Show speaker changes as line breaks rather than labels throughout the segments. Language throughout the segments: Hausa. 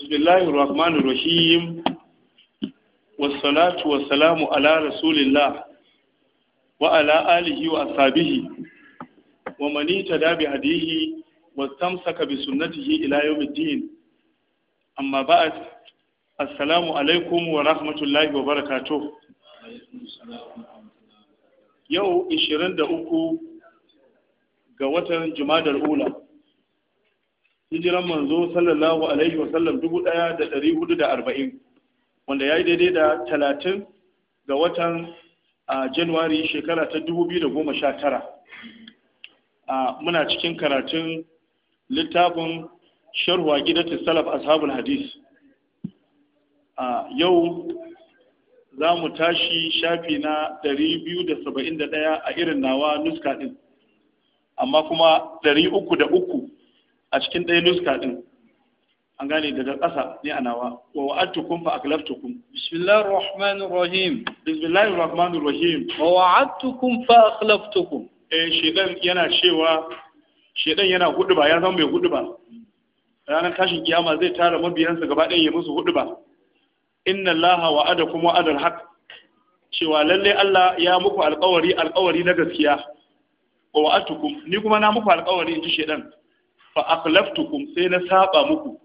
بسم الله الرحمن الرحيم والصلاة والسلام على رسول الله وعلى آله وأصحابه ومن اهتدى بهديه واستمسك بسنته إلى يوم الدين أما بعد السلام عليكم ورحمة الله وبركاته يو 23 ga watan Jumadar Ula hijiran manzo sallallahu alaihi wa sallam dubu ɗaya da ɗari hudu da arba'in wanda ya yi daidai da talatin ga watan a shekara ta dubu biyu da goma sha tara muna cikin karatun littafin sharhuwa gidatun salaf ashabul hadis yau za mu tashi shafi na ɗari biyu da saba'in da ɗaya a irin nawa nuska din amma kuma ɗari uku da uku a cikin ɗaya nuska ɗin an gane daga ƙasa ne a nawa wa wa'adtukum fa akhlaftukum bismillahir rahmanir rahim bismillahir rahmanir rahim wa
wa'adtukum
fa akhlaftukum eh shedan yana cewa shedan yana hudu ya zama mai hudu ranar tashin kiyama zai tara mabiyansa gaba ɗaya ya musu hudu ba inna allaha wa'adakum wa'adal haq. cewa lalle Allah ya muku alƙawari alƙawari na gaskiya wa wa'atukum ni kuma na muku alƙawari in ji shedan fa akhlaftukum sai na saba muku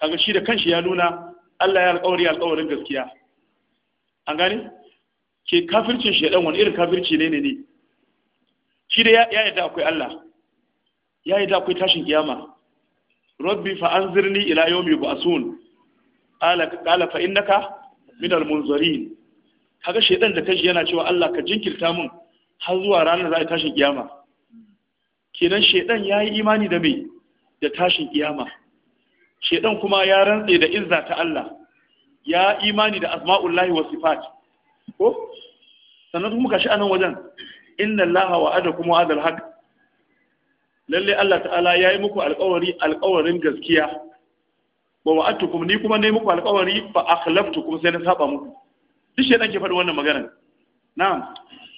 kaga shi da kanshi ya nuna Allah ya alƙawari alƙawarin gaskiya an gani? ke kafircin shedan wani irin kafirci ne ne ne shi da ya yadda akwai Allah ya yadda akwai tashin kiyama rabbi fa anzirni ila yawmi ba'sun qala qala fa innaka min al kaga shedan da kanshi yana cewa Allah ka jinkirta mun har zuwa ranar za a tashin kiyama kenan shedan yi imani da mai da tashin kiyama shedan kuma ya rantse da izza ta Allah ya imani da asma'ullahi wa sifat ko sannan kuma kashi anan wajen inna allaha kuma wa'adal haqq lalle Allah ta'ala ya yi muku alƙawari alƙawarin gaskiya wa wa'adtukum ni kuma ne muku alƙawari fa akhlaftukum sai na saba muku duk shedan ke faɗi wannan magana na'am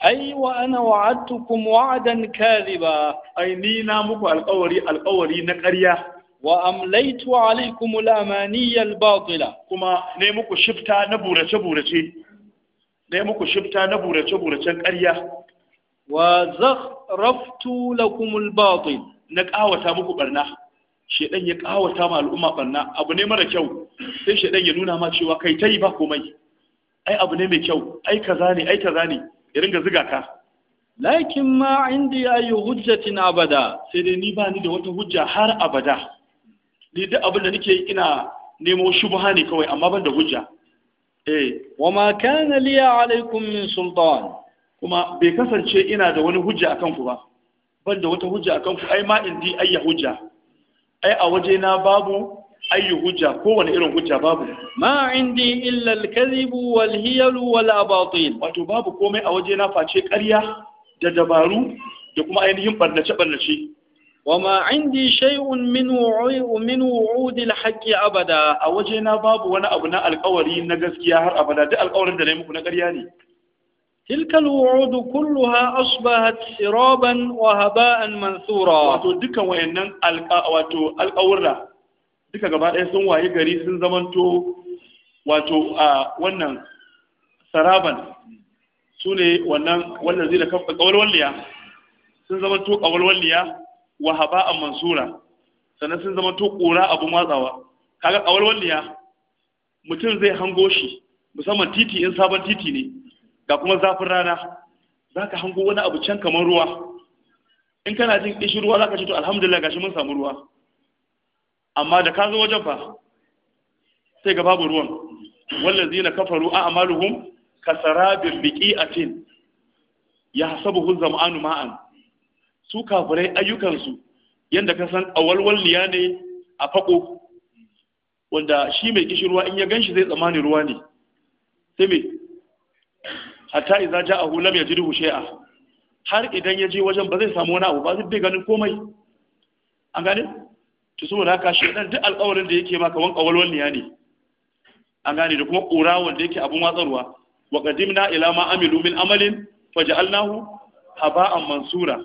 ai wa ana wa'adtukum wa'dan kariba? ai ni na muku alƙawari alƙawari na ƙarya wa amlaitu alaikum al-amaniya al-batila
kuma ne muku shifta na burace burace ne muku shifta na burace buracen ƙarya wa zakhraftu lakum al na ƙawata muku barna shedan ya ƙawata ma al'umma ɓarna. abu ne mara kyau sai shedan ya nuna ma cewa kai yi ba komai ai abu ne mai kyau ai kaza ne ai kaza ne ya ringa ziga ka
lakin ma indi ayi hujjatin abada sai dai ni ba ni da wata
hujja har abada ni duk abin da nake ina nemo shubha ne kawai amma ban da hujja eh wa ma kana li alaikum min sultan kuma bai kasance ina da wani hujja akan ku ba ban da wata hujja akan ku ai ma indi ayya hujja ai a waje na babu ayyu hujja kowane irin hujja babu
ma indi illa al-kadhib wal hiyal wal abatil wato babu komai a waje na
face ƙarya da dabaru da kuma ainihin barnace barnace
wa ma indi shay'un min wu'i min wu'ud al-haqq abada a waje na babu wani abu
na alƙawari na gaskiya har abada duk alƙawarin da na yi muku na ƙarya ne
تلك الوعود كلها أصبحت سرابا وهباء منثورا واتو دكا
wato القورة duka gaba ɗaya sun waye gari sun zamanto wato a wannan saraban su ne wannan wannan zai da kafa ƙawalwalliya sun zamanto ƙawalwalliya wa a mansura sannan sun zamanto ƙura abin watsawa kaga ƙawalwalliya mutum zai hango shi musamman titi in sabon titi ne ga kuma zafin rana za ka hango wani abu can kamar ruwa in kana jin ƙishin ruwa za ka ce to alhamdulillah gashi mun samu ruwa amma da ka zo wajen fa sai ga babu ruwan wallazi na kafaru a amaluhum kasarabin biqi'atin ya hasabuhu zam'anu ma'an su kafirai ayyukansu Yadda ka san awalwalliya ne a fako wanda shi mai kishirwa in ya ganshi zai tsammani ruwa ne sai me hatta idza ja'ahu lam yajidhu shay'a har idan ya je wajen ba zai samu wani abu ba zai ganin komai an gane to saboda ka shedan duk alƙawarin da yake maka wani kawalwal niya ne an gane da kuma ƙura wanda yake abin watsarwa wa na ila ma amilu min amalin faj'alnahu haba'an mansura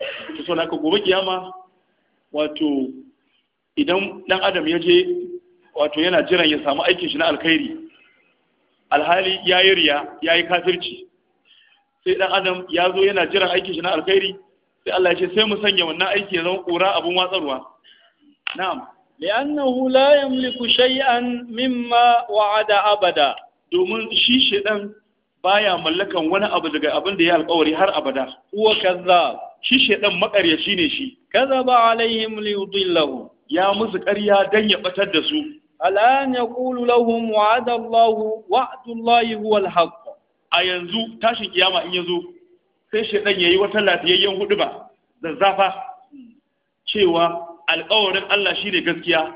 ta saboda haka gobe kiyama wato idan dan adam ya je wato yana jiran ya samu aikin shi na alkhairi alhali ya yi riya ya yi kafirci sai dan adam ya zo yana jiran aikin shi na alkhairi sai Allah ya ce sai mu sanya wannan aiki ya zama ƙura abin watsarwa
na'am li'annahu la yamliku shay'an
mimma wa'ada abada domin shi shedan baya mallakan wani abu daga abin da ya alƙawari har abada huwa kazzab shi shedan makaryaci ne shi kazaba
alaihim liyudillahu ya musu karya dan ya batar da su alan yaqulu lahum wa'ada Allahu wa'dullahi huwal a yanzu tashin ƙiyama
in ya zo sai ya yi wata lafiyayyen hudu ba zazzafa cewa alƙawarin Allah ne gaskiya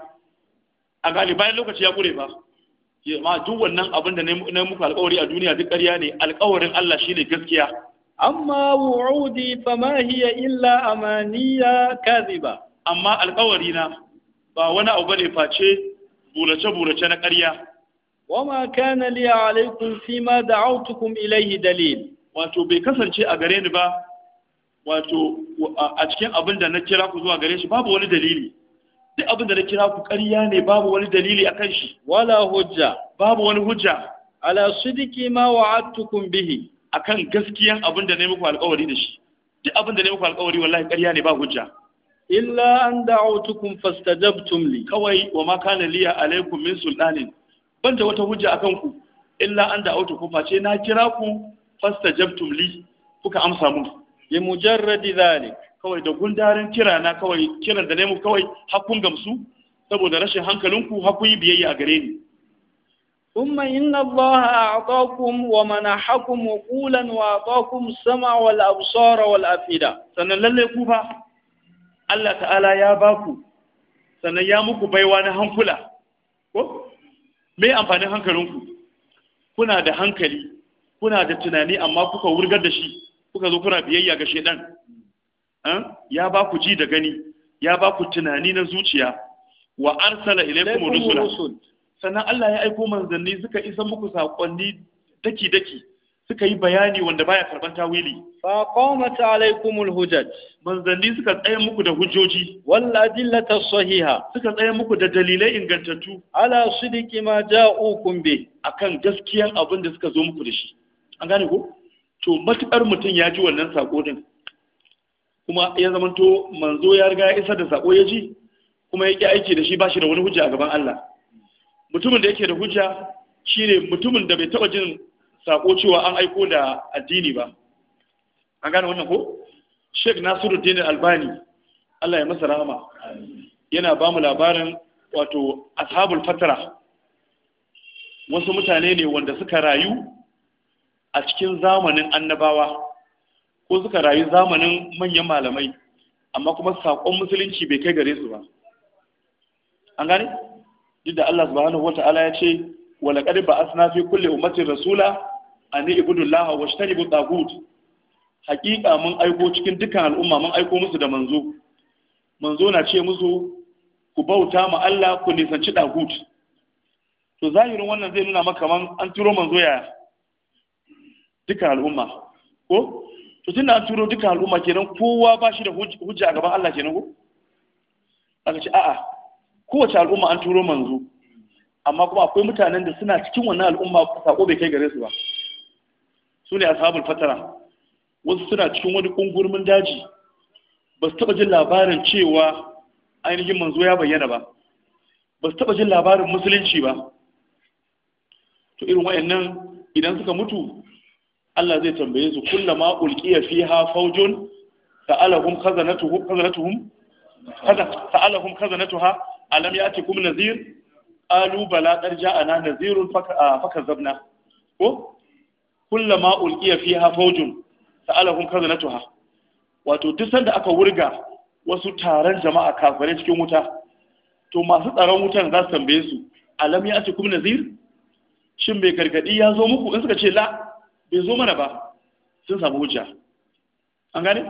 a gani bayan lokaci ya kure ba ma duk wannan abin da na muku alƙawari a duniya duk ƙarya ne alƙawarin Allah ne gaskiya
amma wu'udi fama hiya illa amaniya kadhiba
amma alƙawari na ba wani abu bane face burace burace na ƙarya
wama kana li alaikum fi ma da'awtukum ilayhi dalil wato
bai kasance a gare ni ba wato a cikin abin da na kira ku zuwa gare shi babu wani dalili duk abin da na kira ku ƙarya ne babu wani dalili akan shi wala hujja babu wani hujja ala sidiki ma wa'adtukum bihi akan gaskiyan abin da nayi muku alƙawari da shi duk abin da nayi muku alƙawari wallahi ƙarya ne ba hujja illa an
da'utukum fastajabtum li kawai wa ma kana liya alaykum min
sultanin banda wata hujja akan ku illa an fa ce na kira ku fastajabtum li kuka amsa mun bi mujarradi zalik kawai da gundarin kira na kawai kiran da nemu kawai hakkun gamsu saboda rashin hankalinku hakkun biyayya a gare ni
ثم إن الله wa a'taakum sam'a wal absara wal afida. sannan lalle ku fa
Allah ta'ala ya baku sannan ya muku baiwa na hankula ko me amfanin hankalinku kuna da hankali kuna da tunani amma kuka wurgar da shi kuka zo kuna biyayya ga shedan eh? ya ba ku ji da gani ya ba ku tunani na zuciya wa arsala ilaykum rusula sannan Allah ya aiko manzanni suka isa muku sakonni daki daki suka yi bayani wanda baya karban tawili fa qamat alaykumul hujaj manzanni suka tsaya muku da hujjoji
wal adillata sahiha suka tsaya muku da dalilai ingantattu ala sidiki ma ja'ukum bi akan gaskiyan abin da suka zo muku da shi an gane ko to
matukar mutum ya ji wannan sako din kuma ya zamanto manzo ya riga ya isar da sako ya ji kuma ya ƙi aiki da shi ba shi da wani hujja a gaban Allah mutumin da yake da hujja shine mutumin da bai taba jin sako cewa an aiko da addini ba an gane wannan ko Sheikh Nasiruddin Albani Allah ya masa rahama yana ba mu labarin wato ashabul fatara wasu mutane ne wanda suka rayu a cikin zamanin annabawa ko suka rayu zamanin manyan malamai amma kuma saƙon musulunci bai kai gare su ba an gane duk da Allah subhanahu wata'ala ya ce wa laqad ba'athna fi kulli ummatin rasula an ibudu llaha wa shtaribu tagut haƙiƙa mun aiko cikin dukkan al'umma mun aiko musu da manzo manzo na ce musu ku bauta ma Allah ku nisanci tagut to zahirin wannan zai nuna maka kaman an turo manzo yaya dukkan al'umma ko to tunda an turo dukkan al'umma kenan kowa ba shi da hujja a gaban Allah kenan ko aka ce a'a kowace al'umma an turo manzo amma kuma akwai mutanen da suna cikin wannan al'umma sako bai kai gare su ba su ne ashabul fatara wasu suna cikin wani kungurmin daji ba su taba jin labarin cewa ainihin manzo ya bayyana ba ba su taba jin labarin musulunci ba to irin wayannan idan suka mutu Allah zai tambaye su kullama ulqiya fiha faujun ta'alahum khazanatuhum khazanatuhum ta'alahum khazanatuha alam ya'tikum nadhir alu bala darja ana nadhirun fakazabna ah, ko kullama ulqiya fiha faujun ta'alahum khazanatuha wato duk sanda aka wurga wasu taron jama'a kafare cikin wuta to masu tsaron wutan za su tambaye su alam ya'tikum nadhir shin bai gargadi ya zo muku in suka ce la bai zo mana ba sun samu hujja an gane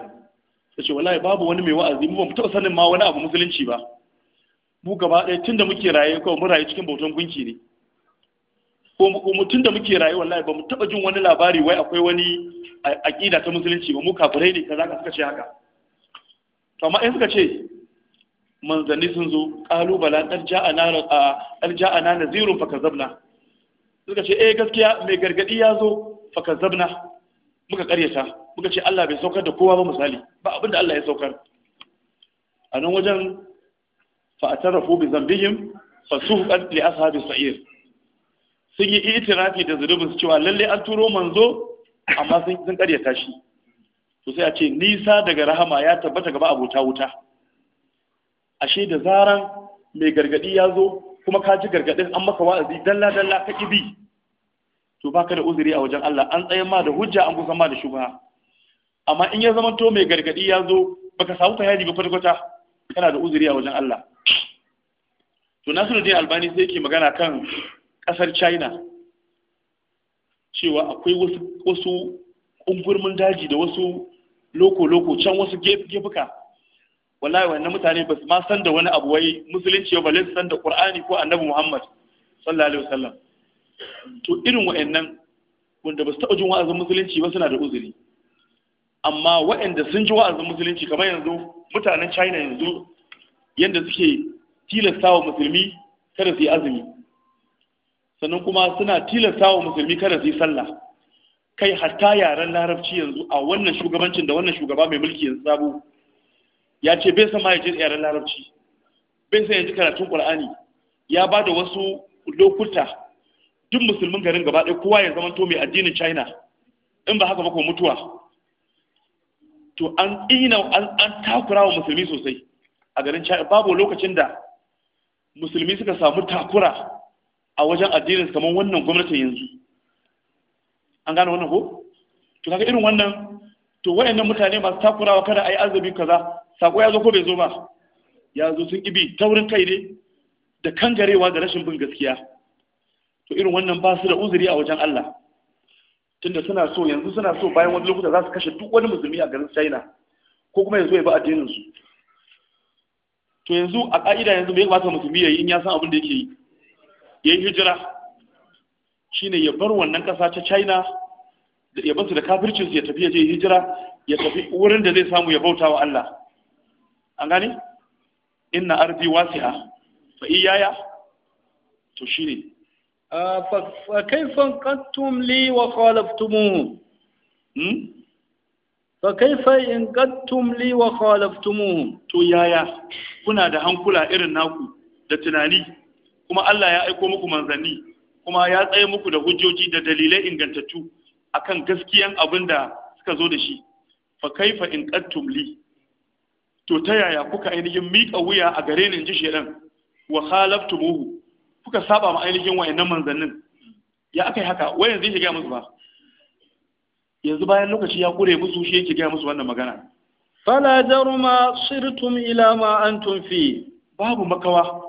ta ce wallahi babu wani mai wa'azi mu ba mu taɓa sanin ma wani abu musulunci ba mu gaba ɗaya tunda muke raye kawai mun raye cikin bautan gunki ne ko mu tunda muke raye wallahi ba mu taɓa jin wani labari wai akwai wani aƙida ta musulunci ba mu kafirai ne kaza ka suka ce haka to amma in suka ce manzanni sun zo ƙalubala ɗan ja'ana nazirun fa kazabna suka ce eh gaskiya mai gargadi ya zo fakazzabna muka karyata muka ce Allah bai saukar da kowa ba misali ba abinda Allah ya saukar a nan wajen zan bi zambihim fasuqan li ashabi sa'ir sun yi itirafi da zunubin su cewa lalle an turo manzo amma sun sun karyata shi to sai a ce nisa daga rahama ya tabbata gaba abota wuta ashe da zaran mai gargadi ya zo kuma ka ji gargadin an maka wa'azi dalla dalla ka ibi to baka da uzuri a wajen Allah an tsaye ma da hujja an kusa ma da shubha amma in ya zama to mai gargadi ya zo baka samu bayani ba kwata kana da uzuri a wajen Allah to Nasiruddin Albani sai ke magana kan kasar China cewa akwai wasu wasu kungurmin daji da wasu loko-loko can wasu gefuka wallahi wannan mutane ba su ma san da wani abu wai musulunci ba balle san da Qur'ani ko Annabi Muhammad sallallahu alaihi wasallam to irin wa'annan wanda ba su taɓa jin wa'azin musulunci ba suna da uzuri amma wa'anda sun ji wa'azin musulunci kamar yanzu mutanen china yanzu yadda suke tilasta wa musulmi kada su yi azumi sannan kuma suna tilasta wa musulmi kada su yi sallah kai hatta yaren larabci yanzu a wannan shugabancin da wannan shugaba mai mulki yanzu sabo ya ce bai san ma ya je yaren larabci bai san ya ji karatun qur'ani ya ba da wasu lokuta duk musulmin garin gaba ɗaya kowa ya zama to mai addinin china in ba haka ba ko mutuwa to an ina an takura wa musulmi sosai a garin china babu lokacin da musulmi suka samu takura a wajen addinin kamar wannan gwamnatin yanzu an gane wannan ko to kaga irin wannan to wayannan mutane masu takurawa kada ayi azabi kaza sako ya zo ko bai zo ba ya zo sun ibi taurin kai ne da kangarewa da rashin bin gaskiya to irin wannan ba su da uzuri a wajen Allah tunda suna so yanzu suna so bayan wani lokuta za su kashe duk wani musulmi a garin China ko kuma yanzu ya bi addinin su to yanzu a ka'ida yanzu bai kamata musulmi yayi in ya san abin da yake yi Ya yi hijira shine ya bar wannan kasa ta China ya bar su da kafircin su ya tafi ya je hijira ya tafi wurin da zai samu ya bauta wa Allah an gane inna ardi wasi'a fa iyaya to shine
فكيف انقذتم لي وخالفتموه فكيف انقذتم لي وخالفتموه تو
يايا kuna da hankula irin naku da tunani kuma Allah ya aiko muku manzanni kuma ya tsaye muku da hujjoji da dalilai ingantattu akan gaskiyan abin da suka zo da shi fa kaifa in qattum li to ta yaya kuka ainihin miƙa wuya a gare ni in ji shedan wa khalaftumuhu kuka saba ma ainihin wayannan manzannin ya aka yi haka wayan zai shiga musu ba yanzu bayan lokaci ya kure musu shi yake gaya musu wannan magana
fala jaruma sirtum ila ma
antum fi babu makawa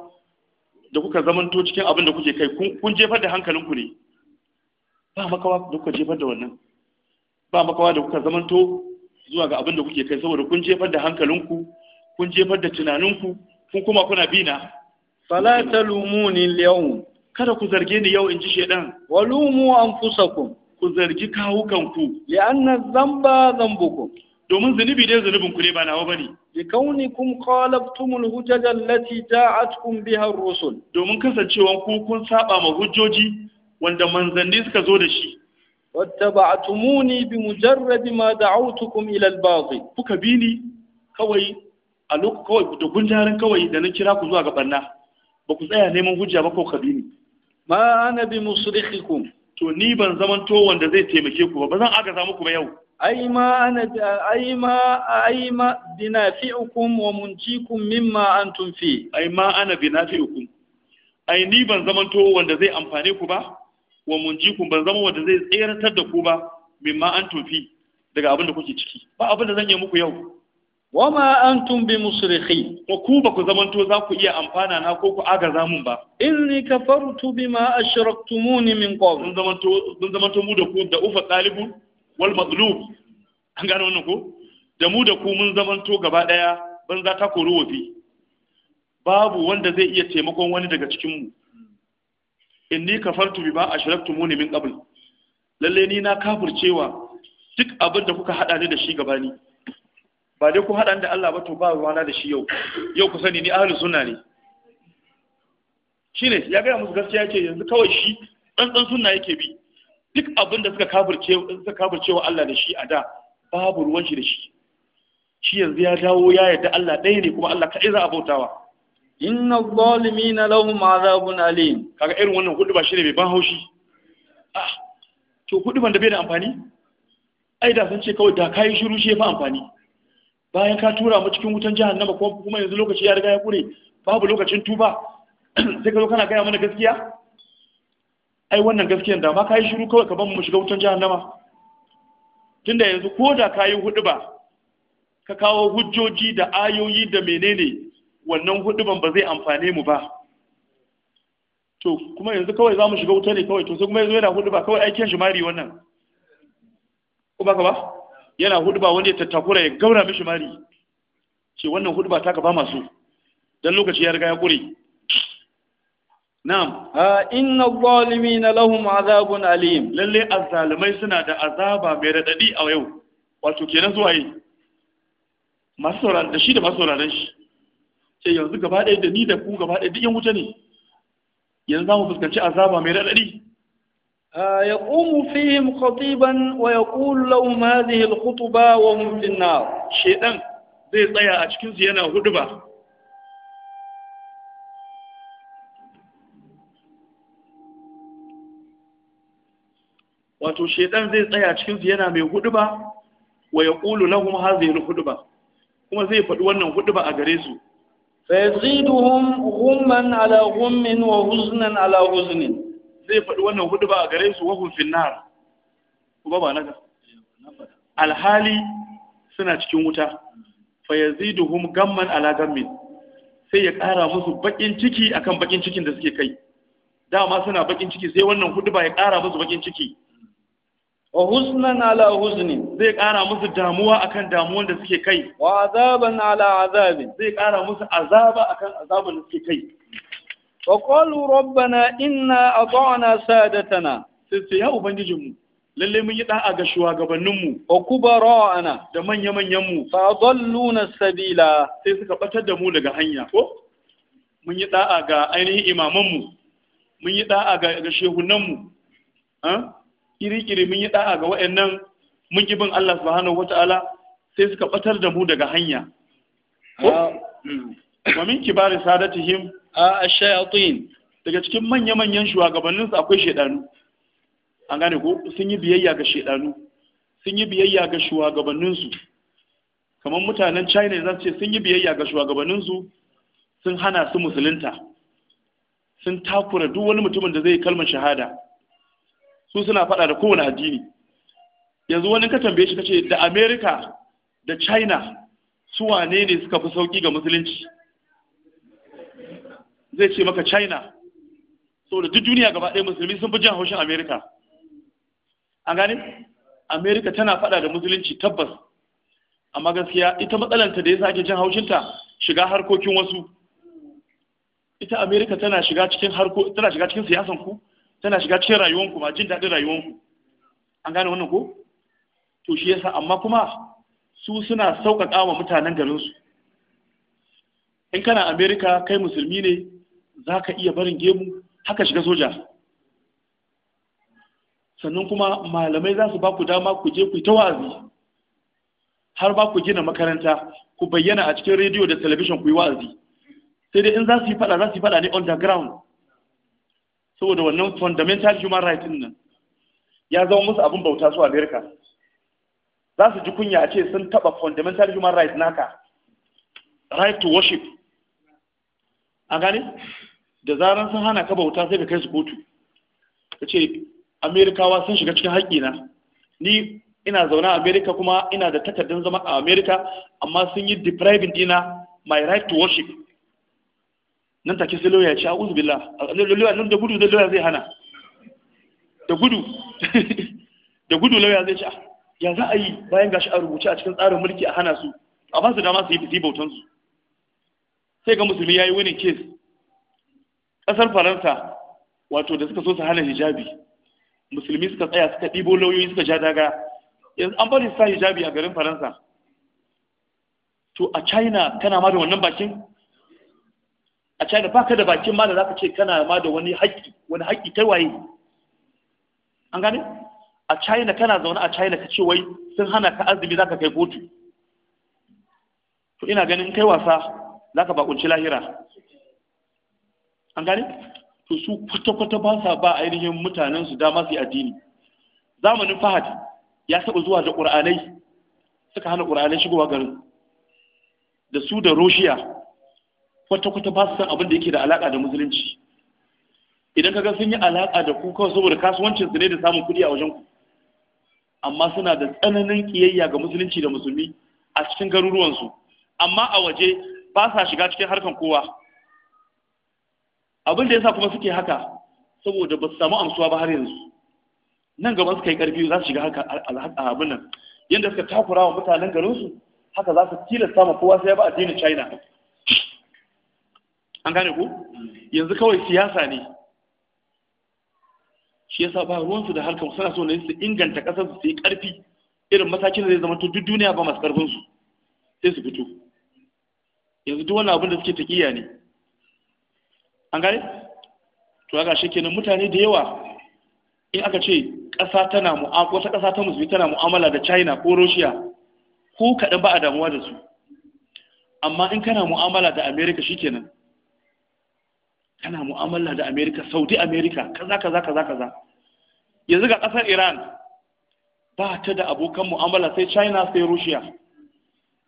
da kuka zamanto cikin abin da kuke kai kun jefar da hankalinku ne ba makawa da kuka jefar da wannan ba makawa da kuka zamanto zuwa ga abin da kuke kai saboda kun jefar da hankalinku kun jefar da tunaninku kun kuma kuna bina fala lumu kada ku zarge ni yau in ji shaidan walumu anfusakum ku zargi kawukanku li'anna zamba dhanbukum domin zunubi dai zunubin ku ne ba nawa bane
bi kaunikum qalabtumul hujaj allati ja'atkum biha ar-rusul domin kasancewan ku kun saba ma hujjoji wanda manzanni suka zo da shi wattaba'tumuni bi mujarrad
ma da'awtukum ila al-batil kuka bini kawai a lokacin kawai da gunjarin kawai da na kira ku zuwa ga barna ba ku tsaya neman hujja ba ko kabini. ma ana bi musrikhikum to ni ban zaman to wanda zai taimake ku ba ba zan samu muku ba yau
ai ma ana ai ma ai ma binafi'ukum wa munjikum mimma antum fi ai ma ana binafi'ukum ai ni ban zaman to wanda zai amfane
ku ba wa munjikum ban zama wanda zai tseratar da ku ba mimma antum fi daga abin da kuke ciki ba abin da zan yi muku yau wa ma antum bi musrikhi ko ku ba ku to za ku iya amfana na ko ku agaza mun ba inni kafartu bima ashraktumuni min qabl mun zamanto mun to mu da ku da ufa talibu wal madlub an gano wannan ko da mu da ku mun to gaba daya ban za ta koro wafi babu wanda zai iya taimakon wani daga cikin mu inni kafartu bima ashraktumuni min qabl lalle ni na kafircewa duk abin da kuka hada ni da shi gabani ba dai ku haɗa da Allah ba to ba ruwana da shi yau yau ku sani ni ahli sunna ne shine ya gaya musu gaskiya yake yanzu kawai shi dan sunna yake bi duk abin da suka kafirce suka kafirce wa Allah da shi a da babu ruwan shi da shi shi yanzu ya dawo ya yarda Allah ɗaya ne kuma Allah kaɗai za a bautawa inna zalimina lahum azabun alim kaga irin wannan hudu ba shine bai ban haushi ah to hudu ban da bai da amfani ai da sun ce kawai da kai shiru shi ya fa amfani bayan ka tura mu cikin wutan jahannama ko kuma yanzu lokaci ya riga ya kure babu lokacin tuba sai ka zo kana gaya mana gaskiya ai wannan gaskiyan da ma ka yi shiru kawai ka ban mu shiga wutan jahannama tunda yanzu ko da kai yi hudu ba ka kawo hujjoji da ayoyi da menene wannan huduban ba zai amfane mu ba to kuma yanzu kawai za mu shiga wuta ne kawai to sai kuma yanzu yana hudu ba kawai aikin shi mari wannan ko ba ka ba yana hudba wani ya tattakura ya gauna mishi mari ce wannan hudba ta kafa masu don lokaci ya riga ya kure na'am inna adh na lahum azabun alim lalle azzalimai suna da azaba mai radadi a yau wato kenan zuwa yi masu sauraron da shi da masu sauraron shi
sai yanzu gaba ɗaya da ni da ku gaba ɗaya duk yan wuta ne yanzu za mu fuskanci azaba mai radadi يقوم فيهم خطيبا ويقول لهم هذه الخطبة وهم في النار شيئا زي tsaya a cikinsu هدبا
wato shedan zai tsaya cikin cikinsu yana mai huduba wa ya ƙulu na kuma hazin huduba kuma zai faɗi wannan huduba a gare su
fa ya fayaziduhum ghumman ala ghummin wa huzunan ala huzunin zai faɗi wannan hudu ba a gare su wahun finnar kuma ba naga
alhali suna cikin wuta fa yaziduhum gamman ala gammin sai ya ƙara musu bakin ciki akan bakin cikin da suke kai dama suna bakin ciki sai wannan hudu ba ya ƙara musu bakin ciki wa husnan ala husni zai ƙara
musu damuwa akan damuwan da suke kai wa azaban ala azabin zai ƙara musu azaba akan azaban da suke kai wa qalu rabbana inna ata'na sadatana sai ce ya ubangijinmu lalle mun yi da'a ga shugabanninmu wa
ana da manya manyanmu mu fa dalluna sabila sai suka ɓatar da mu daga hanya ko mun yi a ga ainihin imamanmu mun yi a ga shehunanmu kiri-kiri mun yi a ga wa'annan mun ki bin Allah subhanahu wata'ala sai suka ɓatar da mu daga hanya
ah, mm.
wa min kibari sadatihim a shayatin daga cikin manya-manyan shugabanninsu akwai shaidanu an gane ko sun yi biyayya ga shaidanu sun yi biyayya ga shugabanninsu kamar mutanen china zan ce sun yi biyayya ga shugabanninsu sun hana su musulunta sun takura duk wani mutumin da zai yi kalmar shahada su suna faɗa da kowane addini yanzu wani ka tambaye shi ka ce da america da china su wane ne suka fi sauki ga musulunci zai ce maka china saboda duk duniya gaba ɗaya musulmi sun fi jin haushin Amerika. an gane Amerika tana faɗa da musulunci tabbas amma gaskiya ita matsalanta da ya sake jin haushinta shiga harkokin wasu ita Amerika tana shiga cikin harko tana shiga cikin siyasan ku tana shiga cikin ku ma jin daɗin ku an gane wannan ko to shi yasa amma kuma su suna sauƙaƙa wa mutanen garinsu in kana amerika kai musulmi ne za ka iya barin gemu haka shiga soja sannan kuma malamai za su ba dama ku je ku yi ta wa'azi har ba ku gina makaranta ku bayyana a cikin rediyo da talabishin ku yi wa'azi sai dai in za su yi fada za su yi fada ne underground saboda wannan fundamental human rights nan ya zama musu abin bauta su america za su ji kunya a ce sun taba fundamental human rights naka right to worship a gane da zaran sun hana ka bauta sai ka kai su kotu ka ce amerikawa sun shiga cikin na. ni ina zaune a amerika kuma ina da takardun zama a amerika amma sun yi depriving dina my right to worship nan take sai lauya ya ce a'udhu billah nan da gudu da lauya zai hana da gudu da gudu lauya zai ce ah, ya za a yi bayan gashi a rubuce a cikin tsarin mulki a hana su a ba su dama su yi bautansu sai ga musulmi ya yi wani kes ƙasar faransa wato da suka so su hana hijabi musulmi suka tsaya suka ɗibo lauyoyi suka ja daga yanzu an bari sa hijabi a garin faransa to a china kana ma da wannan bakin a china ka da bakin ma da za ka ce kana ma da wani haƙƙi wani haƙƙi kai waye an gane a china kana zaune a china ka ce wai sun hana ka azumi za ka kai kotu to ina ganin kai wasa za ka bakunci lahira an gani to su kwata-kwata ba sa ba ainihin mutanen su dama su addini zamanin fahad ya saba zuwa da ƙur'anai suka hana ƙur'anai shigowa garin da su da roshiya kwata-kwata ba su san abin da yake da alaƙa da musulunci idan ka ga sun yi alaƙa da ku kawai saboda kasuwancin su ne da samun kuɗi a wajen ku amma suna da tsananin kiyayya ga musulunci da musulmi a cikin garuruwansu amma a waje ba sa shiga cikin harkan kowa abin da sa kuma suke haka saboda ba su samu amsuwa ba har yanzu nan gaba suka yi karfi za su shiga haka abin nan yadda suka takura wa mutanen garinsu haka za su tilasta ma kowa sai ba addinin china an gane ku yanzu kawai siyasa ne shi yasa ba ruwansu da harkar suna so ne su inganta kasar su yi karfi irin matakin da zai zama duk duniya ba masu karfin su sai su fito yanzu duk wannan abin da suke taƙiya ne an gane to haka shi kenan mutane da yawa in aka ce ƙasa tana mu'amala wata ƙasa ta musulmi tana mu'amala da china ko russia ko kaɗan ba a damuwa da su amma in kana mu'amala da america shikenan kana mu'amala da america saudi america kaza kaza kaza kaza yanzu ga ƙasar iran ba ta da abokan mu'amala sai china sai russia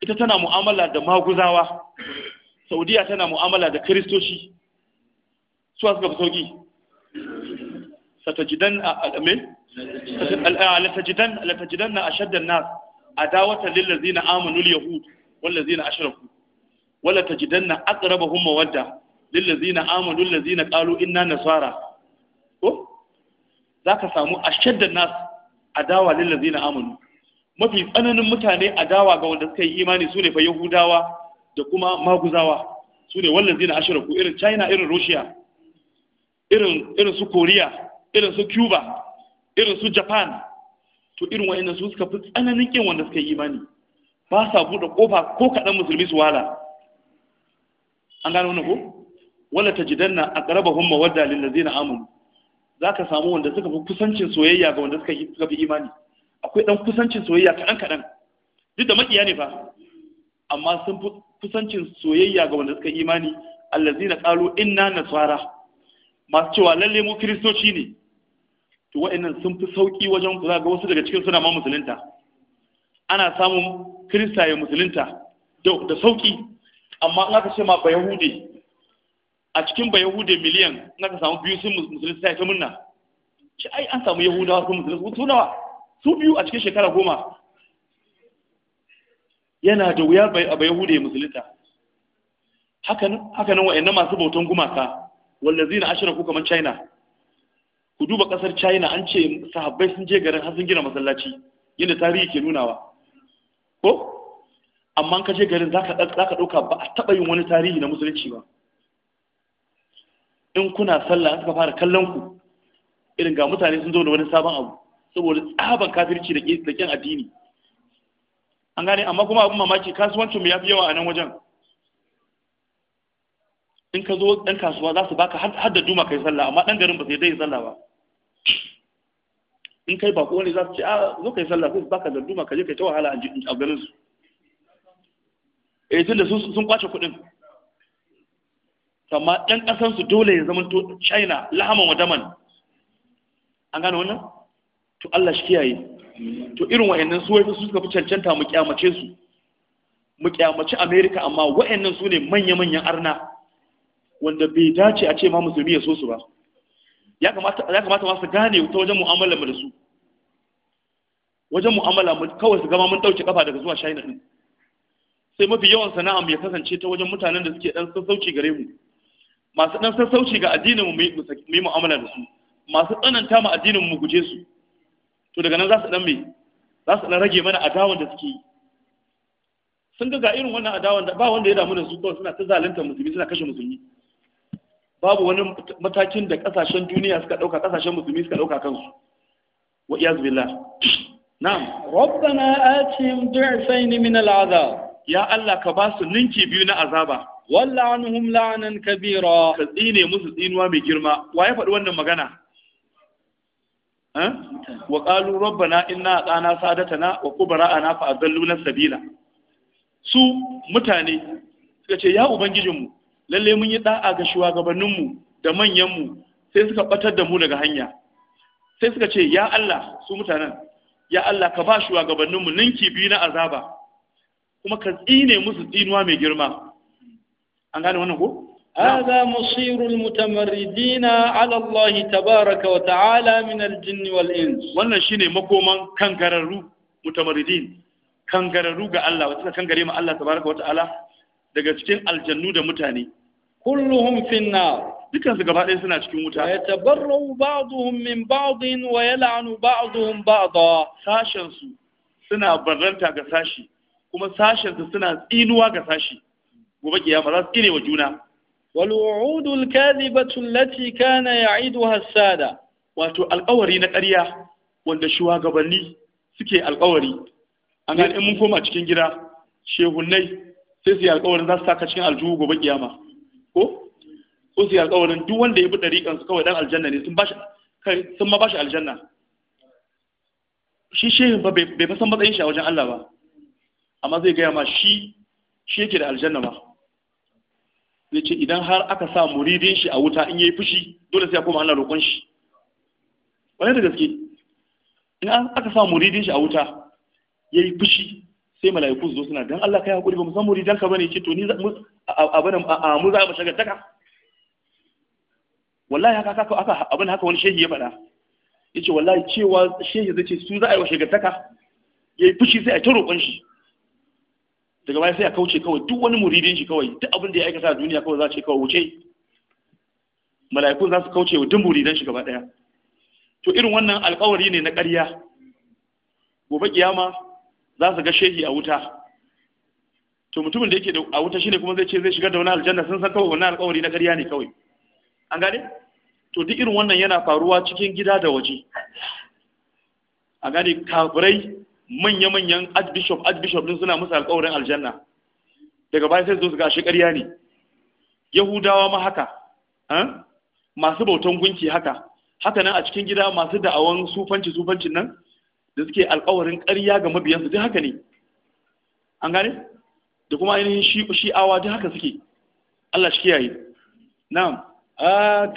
ita tana mu'amala da maguzawa saudiya tana mu'amala da kiristoci su suka fi sauki satajidan al'amin latajidan na ashaddan nas adawatan lillazina amanu yahud na ashraku wala wadda aqrabahum mawadda amunul amanu na kalu inna nasara ko za ka samu ashaddan nas adawa Zina, amunul mafi tsananin mutane a dawa ga wanda suka yi imani su ne fa yahudawa da kuma maguzawa su ne wallan zina ku irin china irin russia irin su korea irin su cuba irin su japan to irin wa'annan su suka fi tsananin kin wanda suka yi imani ba sa buɗe ƙofa ko kaɗan musulmi su wala an gano wannan ko wala tajidanna aqrabahum mawadda lil ladzina amanu zaka samu wanda suka fi kusancin soyayya ga wanda suka fi imani akwai ɗan kusancin soyayya kaɗan kaɗan duk da maƙiya ne fa amma sun fi kusancin soyayya ga wanda suka imani allazina qalu inna tsara. masu cewa lalle mu kiristoci ne to wa'annan sun fi sauƙi wajen kula ga wasu daga cikin suna ma musulunta ana samun kirista ya musulunta da sauƙi. amma in aka ce ma ba yahude a cikin ba yahude miliyan in aka samu biyu sun musulunta ya ta murna ci ai an samu yahudawa sun musulunta su nawa su biyu a cikin shekara goma yana da wuya bai a yahuda ya musulunta haka nan wa'annan masu bautan gumaka wanda zina ashirin ko kamar china ku duba kasar china an ce sahabbai sun je garin har sun gina masallaci yadda tarihi ke nunawa ko amma ka je garin za ka ɗauka ba a taɓa yin wani tarihi na musulunci ba in kuna sallah suka fara kallon ku irin ga mutane sun zo da wani sabon abu saboda tsaban kafirci da kyan addini an gane amma kuma abin mamaki kasuwancin ya fi yawa a nan wajen in ka zo ɗan kasuwa za su baka har da duma kai sallah amma ɗan garin ba sai dai sallah ba in kai bako ne za su ce a ah, zo kai sallah sai su baka da duma kaje kai ta wahala a garin su eh tunda sun kwace kuɗin amma ɗan ƙasansu dole ya zama China lahaman Wadaman. an gane wannan to Allah shi kiyaye to irin wayannan su wai su suka fi cancanta mu kyamace su mu kyamaci America amma wayannan su ne manya-manyan arna wanda bai dace a ce ma musulmi ya so su ba ya kamata ya kamata ma su gane ta wajen mu'amala mu da su wajen mu'amala mu kawai su gama mun dauke kafa daga zuwa China din sai mafi yawan sana'am ya kasance ta wajen mutanen da suke dan sassauci gare mu masu dan sassauci ga addinin mu mu yi mu'amala da su masu tsananta mu addinin mu guje su to daga nan za su dan me za su dan rage mana adawan da suke yi sun ga ga irin wannan adawan da ba wanda ya damu da su kawai suna ta zalunta musulmi suna kashe musulmi babu wani matakin da kasashen duniya suka dauka kasashen musulmi suka dauka kansu wa iyaz billah na'am rabbana atim du'fayn min al'azab ya Allah ka ba su ninki biyu na azaba wallahu anhum la'anan kabira ka tsine musu tsinuwa mai girma wa ya faɗi wannan magana wa qalu rabbana inna atana sadatana wa ana fa na sabila su mutane suka ce ya ubangijinmu lalle mun yi da'a ga shugabanninmu da manyanmu sai suka batar da mu daga hanya sai suka ce ya Allah su mutanen ya Allah ka ba shugabanninmu ninki biyu na azaba kuma ka tsine musu tsinuwa mai girma an gane wannan ko هذا
مصير المتمردين على
الله تبارك وتعالى من الجن والإنس wannan shine makoman kangararru mutamaridin kangararru ga Allah wata kangare ma Allah tabaraka wa ta'ala daga cikin aljannu da mutane
kulluhum fin nar dukan su gaba ɗaya suna cikin wuta ya tabarrau ba'dhum min ba'dhin wa yal'anu ba'dhum ba'dha sashen su suna barranta ga
sashi kuma sashen su suna tsinuwa ga sashi gobe kiyama za su tsine wa juna
والوعود الكاذبة التي كان يعيدها السادة wato
alƙawari na ɗarya wanda shugabanni suke alƙawari an ga in mun koma cikin gida shehunnai sai su yi alƙawarin za su saka cikin aljuhu gobe kiyama ko ko yi alƙawarin duk wanda ya bi ɗariƙan kawai dan aljanna ne sun bashi kai sun ma shi shehin ba bai san matsayin shi a wajen Allah ba amma zai gaya ma shi shi yake da aljanna ba sai ce idan har aka sa muridin shi a wuta in yayi fushi dole sai ya koma Allah roƙon shi wani da gaske in aka sa muridin shi a wuta yayi fushi sai mala'iku su zo suna dan Allah kai hakuri ba mu san muridan ka bane ce to ni abin a mu za mu shaga taka wallahi haka haka aka abin haka wani shehi ya faɗa yace wallahi cewa shehi zai ce su za a yi wa shagaltaka taka yayi fushi sai a ta roƙon shi daga baya sai a kauce kawai duk wani muridin shi kawai duk abin da ya aikata a duniya kawai za ce kawai wuce mala'ikun za su kauce wa duk muridan shi gaba daya to irin wannan alkawari ne na ƙarya gobe kiyama za su ga shehi a wuta to mutumin da yake a wuta shine kuma zai ce zai shiga da wani aljanna sun san kawai wannan alkawari na ƙarya ne kawai an gane to duk irin wannan yana faruwa cikin gida da waje a gane kafirai manya-manyan archbishop archbishop din suna musu alƙawarin aljanna daga baya sai zuwa su ƙarya ne yahudawa ma haka eh? masu bautan gunki haka haka nan a cikin gida masu da'awan sufanci sufancin nan da suke alƙawarin ƙarya ga mabiyansu duk haka ne an gane da kuma ainihin shi'awa duk haka suke Allah shi kiyaye na'am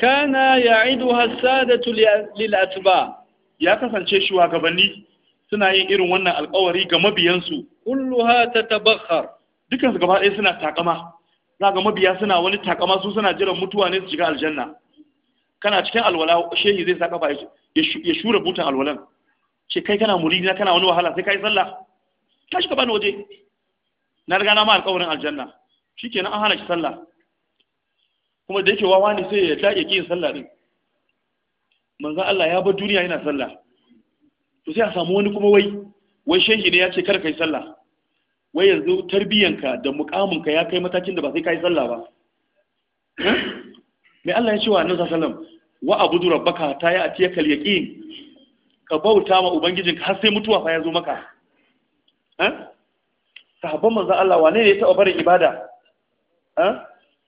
kana ya'idu hasadatu lil atba ya kasance gabanni. suna yin irin wannan alkawari ga mabiyansu kulluha tatabakhar dukan su gaba ɗaya suna takama za ga mabiya suna wani takama su suna jiran mutuwa ne su shiga aljanna kana cikin alwala shehi zai saka bai ya shura butan alwalan ce kai kana muridi na kana wani wahala sai kai sallah ka shiga bani waje na riga na ma alƙawarin aljanna shikenan an hana shi sallah kuma da yake wawa ne sai ya ta yake yin sallah din manzo Allah ya bar duniya yana sallah to sai a samu wani kuma wai wai shehi ne ya ce kar kai sallah wai yanzu tarbiyyanka da mukaminka ya kai matakin da ba sai kai sallah ba hmm? mai Allah ya ce wa annabi sallam wa abudu rabbaka ta ya atiya kal yaqin ka bauta ma ubangijinka har sai mutuwa fa ya zo maka sahabban manzo Allah wane ne ya taba barin ibada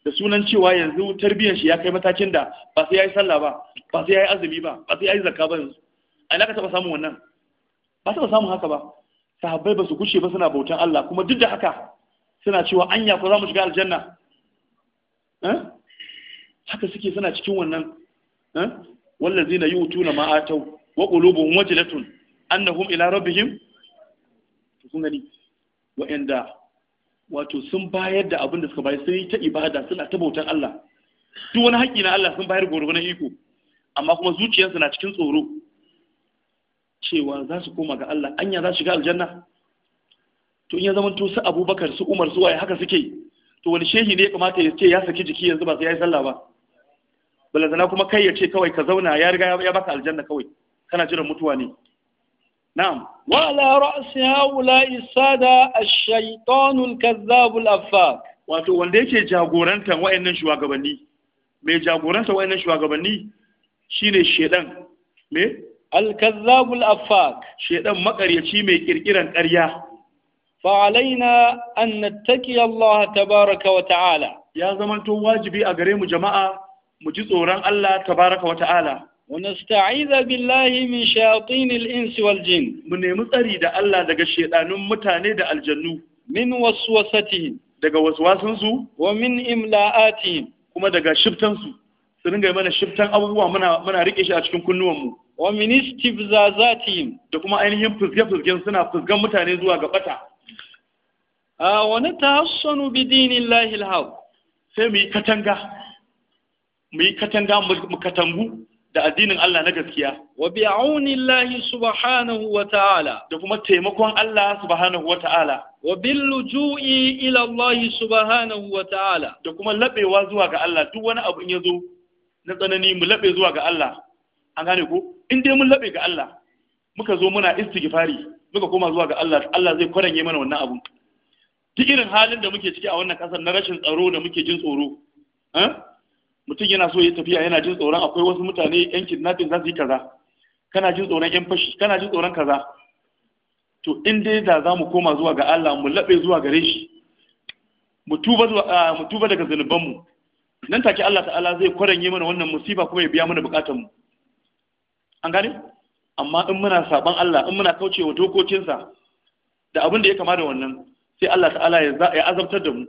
da sunan cewa yanzu tarbiyyar shi ya kai matakin da ba sai yayi sallah ba ba sai yayi azumi ba ba sai yayi zakka ba yanzu a ina ka taɓa samun wannan ba taɓa samun haka ba sahabbai ba su gushe ba suna bautan Allah kuma duk da haka suna cewa anya ko za mu shiga aljanna eh? haka suke suna cikin wannan eh? wallazi na yi wutu na ma'atau wa ƙulubun wajilatun annahum ila rabbihim sun gani wa'anda wato sun bayar da abin da suka bayar sai ta ibada suna ta bautan Allah duk wani haƙƙi na Allah sun bayar gwargwaron iko amma kuma zuciyarsu na cikin tsoro cewa za su koma ga Allah anya za su shiga aljanna to in ya zama to su Abubakar su Umar su waye haka suke to wani shehi ne ya kamata ya ce ya saki jiki yanzu ba sai ya yi sallah ba balazana kuma kai ya ce kawai ka zauna ya riga ya baka aljanna kawai kana jiran mutuwa ne na'am
wa la ra'si haula isada
ash shaytanul kazzabul kazzab wato wanda yake jagorantar wayannan shugabanni mai jagorantar wayannan shugabanni shine shedan me alkazzabul affak shedan makaryaci mai kirkiran ƙarya
fa alaina an nattaki Allah tabaraka wa ta'ala
ya zamanto wajibi a gare mu jama'a mu ji tsoron Allah tabaraka wa ta'ala
wa nasta'iza billahi min shayatinil insi wal jin mu nemi tsari da Allah daga shedanun mutane da aljannu min waswasatihim daga su? wa min imla'atihim
kuma daga shiftansu su ringa mana shiftan abubuwa muna muna rike shi a cikin kunnuwan mu. wa min istifzazatihim da kuma ainihin fuzge-fuzgen suna fuzgan mutane zuwa ga bata a ta natahassanu bi lahil hau sai mu yi katanga mu yi katanga mu katangu da addinin Allah na gaskiya wa
bi aunillahi subhanahu wa ta'ala da kuma taimakon Allah subhanahu wa ta'ala wa bil luju'i ila Allah subhanahu wa ta'ala da kuma labewa zuwa
ga Allah duk wani abu in yazo na tsanani mu labe zuwa ga Allah an gane ko in dai mun labe ga Allah muka zo muna istighfari muka koma zuwa ga Allah Allah zai kwaranye mana wannan abun duk irin halin da muke ciki a wannan kasar na rashin tsaro da muke jin tsoro eh? mutum yana so ya tafiya yana jin tsoron akwai wasu mutane yan kidnapping za su yi kaza kana jin tsoron yan fashi kana jin tsoron kaza to in dai da za mu koma zuwa ga Allah mu labe zuwa gare shi mu tuba ah, mu tuba daga zanubanmu nan take Allah ta'ala zai kwaranye mana wannan musiba kuma ya biya mana bukatunmu mu an gane amma in muna saban Allah in muna kaucewa dokokinsa da abin da ya kama da wannan sai Allah ta'ala ya azabtar da mu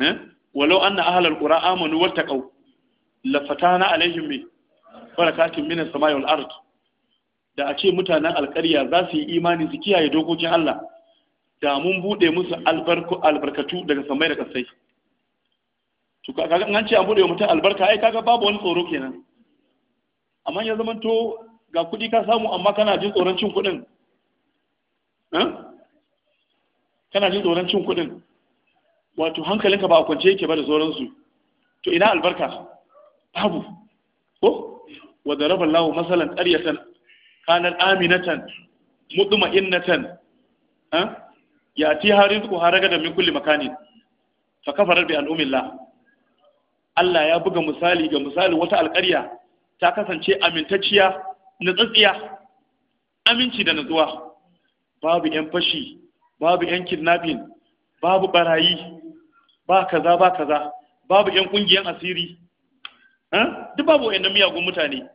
eh? walau anna ahlal qura amanu ƙau, lafata fatana alaihim bi barakatin minas samai wal ard da a ce mutanen alƙarya za su yi imani su kiyaye dokokin Allah da mun bude musu albarkatu daga samai da kasai to kaga an ce an bude mutum albarka ai kaga babu wani tsoro kenan amma ya zama to ga kuɗi ka samu amma kana jin tsoron cin kuɗin kana jin tsoron cin kudin wato hankalinka ba a kwance yake ba da su. to ina albarka babu ko wa rabar lawo masalan qaryatan kanar aminatan mutma'innatan harin yatiha rizquha ragadan min kulli makanin fa kafarat bi an'amillah Allah ya buga misali ga misali wata alƙarya ta kasance amintacciya natsatsiya aminci da natsuwa babu yan fashi babu yan kidnapping babu barayi ba kaza ba kaza babu yan kungiyan asiri duk babu 'yan miyagun mutane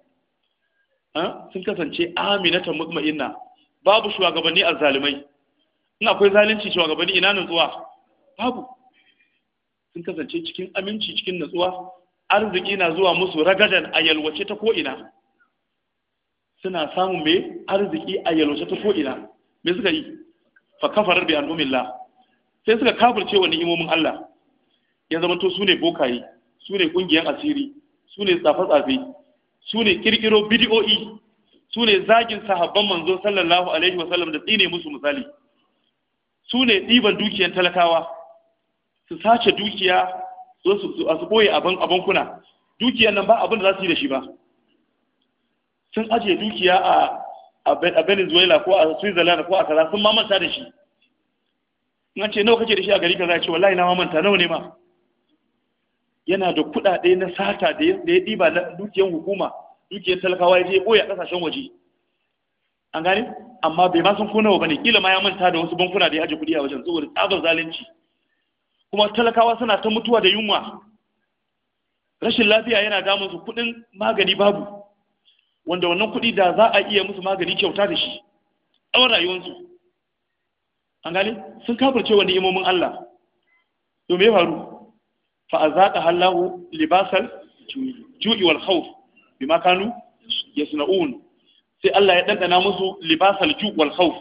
sun kasance aminatan mutma'inna babu shugabanni azzalumai in akwai zalunci shugabanni ina natsuwa babu sun kasance cikin aminci cikin natsuwa arziki na zuwa musu ragadan a yalwace ta ko'ina suna samun mai arziki a yalwace ta ko'ina mai suka yi fa kafarar bi al'umillah sai suka kafarce wa ni'imomin Allah ya zama to su ne bokaye su ne ƙungiyar asiri su ne tsafe-tsafe su ne ƙirƙiro bidiyo'i su ne zagin sahabban manzo sallallahu alaihi wasallam da tsine musu misali su ne ɗiban dukiyar talakawa su sace dukiya so su boye abin abin kuna dukiyar nan ba abin da za su yi da shi ba sun ajiye dukiya a a Venezuela ko a Switzerland ko a kaza sun mamanta da shi in ce nawa kake da shi a gari kaza ce wallahi na mamanta nawa ne ma yana da kuɗaɗe na sata da ya ɗiba na dukiyar hukuma dukiyar talakawa ya je ɓoye ƙasashen waje an gane amma bai ma sun ko nawa bane kila ma ya manta da wasu bankuna da ya aje kuɗi a wajen saboda tsabar zalunci kuma talakawa suna ta mutuwa da yunwa rashin lafiya yana damun su kuɗin magani babu wanda wannan kuɗi da za a iya musu magani kyauta da shi tsawon rayuwarsu an gane sun kafirce wa ni'imomin Allah to me faru fa azaqa Allahu libasal ju'i wal khawf bima kanu yasna'un sai Allah ya dandana musu libasal ju'i wal khawf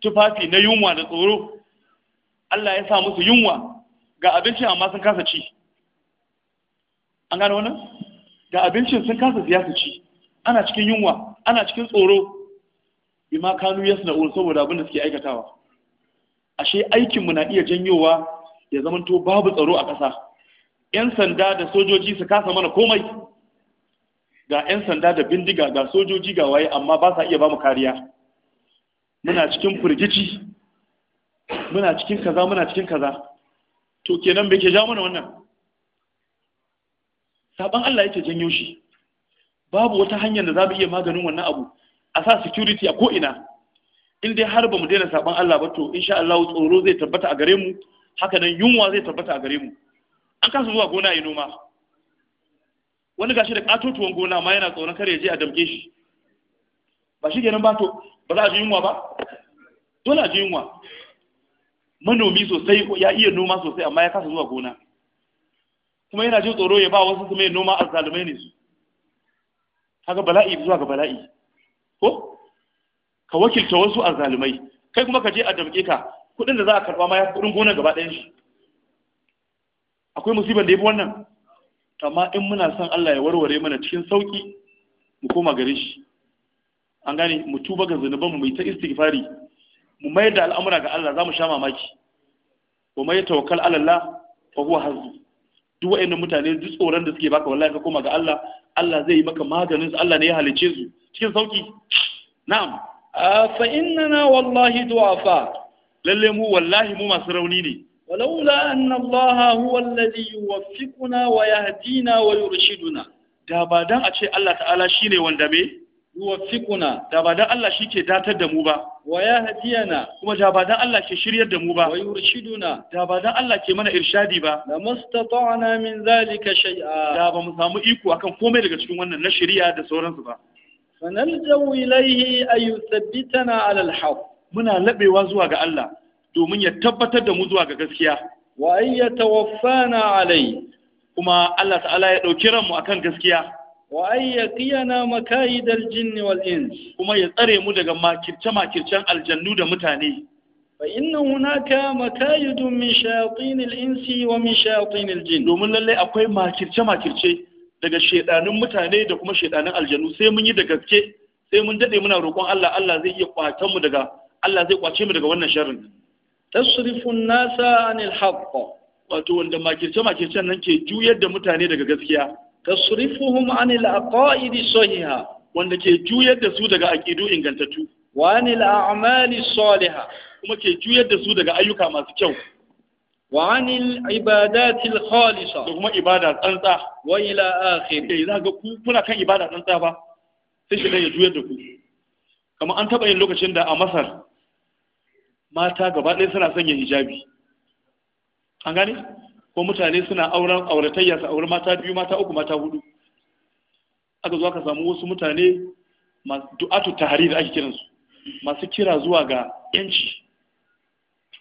tufafi na yunwa da tsoro Allah ya sa musu yunwa ga abinci amma sun kasa ci an gano wannan ga abincin sun kasa siya su ci ana cikin yunwa ana cikin tsoro bima kanu ul saboda abin da suke aikatawa ashe aikin mu na iya janyowa ya zamanto babu tsaro a ƙasa yan sanda da sojoji su kasa mana komai ga yan sanda da bindiga ga sojoji ga waye amma ba sa iya ba mu kariya muna cikin firgici muna cikin kaza muna cikin kaza to kenan bai ke ja mana wannan saban Allah yake janyo shi babu wata hanyar da za mu iya maganin wannan abu a sa security a ko'ina in dai har ba mu daina saban Allah ba to insha Allah tsoro zai tabbata a gare mu haka nan yunwa zai tabbata a gare mu an kasa zuwa gona yi noma wani gashi da katotuwan gona ma yana tsoron kare ya je a damke shi ba shi kenan ba to ba za a ji yunwa ba dole a ji yunwa manomi sosai ya iya noma sosai amma ya kasa zuwa gona kuma yana jin tsoro ya ba wasu kuma ya noma azzalumai ne su haka bala'i zuwa ga bala'i ko ka wakilta wasu azzalumai kai kuma ka je a damke ka kuɗin da za a karba ma ya kudin gona gaba ɗayan shi akwai musibar da ya fi wannan amma in muna son Allah ya warware mana cikin sauki mu koma gare shi an gane mu tuba ga zunuban mu mai ta istighfari mu mai da al'amura ga Allah za mu sha mamaki Ku mai tawakkal Allah fa huwa duk wayannan mutane duk tsoron da suke baka wallahi ka koma ga Allah Allah zai yi maka maganin su Allah ne ya halice su cikin sauki na'am fa na wallahi fa. lalle mu wallahi mu masu rauni ne
ولولا أن الله هو wa يوفقنا ويهدينا ويرشدنا
da ba dan a ce Allah ta'ala shine wanda me
yuwaffiquna
da ba dan Allah shike datar da mu ba
wa yahdiyana
kuma da ba dan Allah ke shiryar da mu ba wa yurshiduna da ba dan Allah ke mana irshadi ba la mastata'na min zalika shay'a da ba mu samu iko akan komai daga cikin wannan na shari'a da sauransu ba fanaljawu ilaihi ayu thabbitana ala alhaq muna labewa zuwa ga Allah domin ya tabbatar da mu zuwa ga gaskiya wa ayyatawaffana alai kuma Allah ta'ala ya dauki ranmu akan gaskiya
wa ayyakiyana makaidal jinni wal ins
kuma ya tsare mu daga makirce makircen aljannu da mutane
fa inna hunaka makaidun min shayatin al insi wa min shayatin al jin domin lalle akwai makirce
makirce daga shedanin mutane da kuma shedanin aljannu sai mun yi da gaske sai mun dade muna roƙon Allah Allah zai iya kwatan mu daga Allah zai kwace mu daga wannan sharrin tasrifu nasa anil haqq wato wanda makirce makircen nan ke juyar da mutane daga gaskiya tasrifuhum anil aqaidi sahiha wanda ke juyar da su daga aqidu ingantattu wa anil a'mali salihah kuma ke juyar da su daga ayyuka masu kyau wa anil ibadati khalisa da kuma ibada tsantsa wa ila akhir kai eh, za ga ku kuna kan ibada tsantsa ba sai shi ya juyar da ku kamar an taba yin lokacin da a Masar mata gaba ɗaya suna sanya hijabi an gane ko mutane suna auren auratayya su auri mata biyu mata uku mata hudu aka zuwa ka samu wasu mutane masu du'atu da ake kiransu masu kira zuwa ga yanci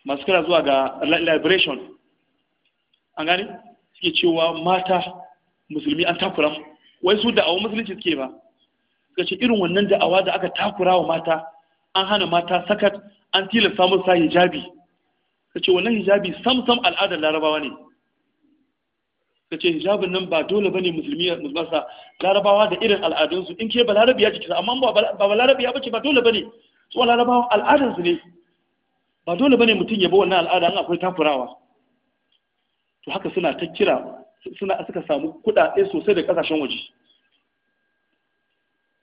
masu kira zuwa ga liberation an gane suke cewa mata musulmi an takura wai su da'awun musulunci suke ba suka ce irin wannan da'awa da aka takura wa mata an hana mata sakat an tilasta musu hijabi ka ce wannan hijabi sam sam al'adar larabawa ne ta ce hijabin nan ba dole bane musulmi musulmansa larabawa da irin al'adunsu in ke balarabiya ce kisa amma ba balarabiya ce ba dole bane su larabawa al'adunsu ne ba dole bane mutum ya bi wannan al'ada in akwai takurawa to haka suna ta kira suna suka samu kuɗaɗe sosai da ƙasashen waje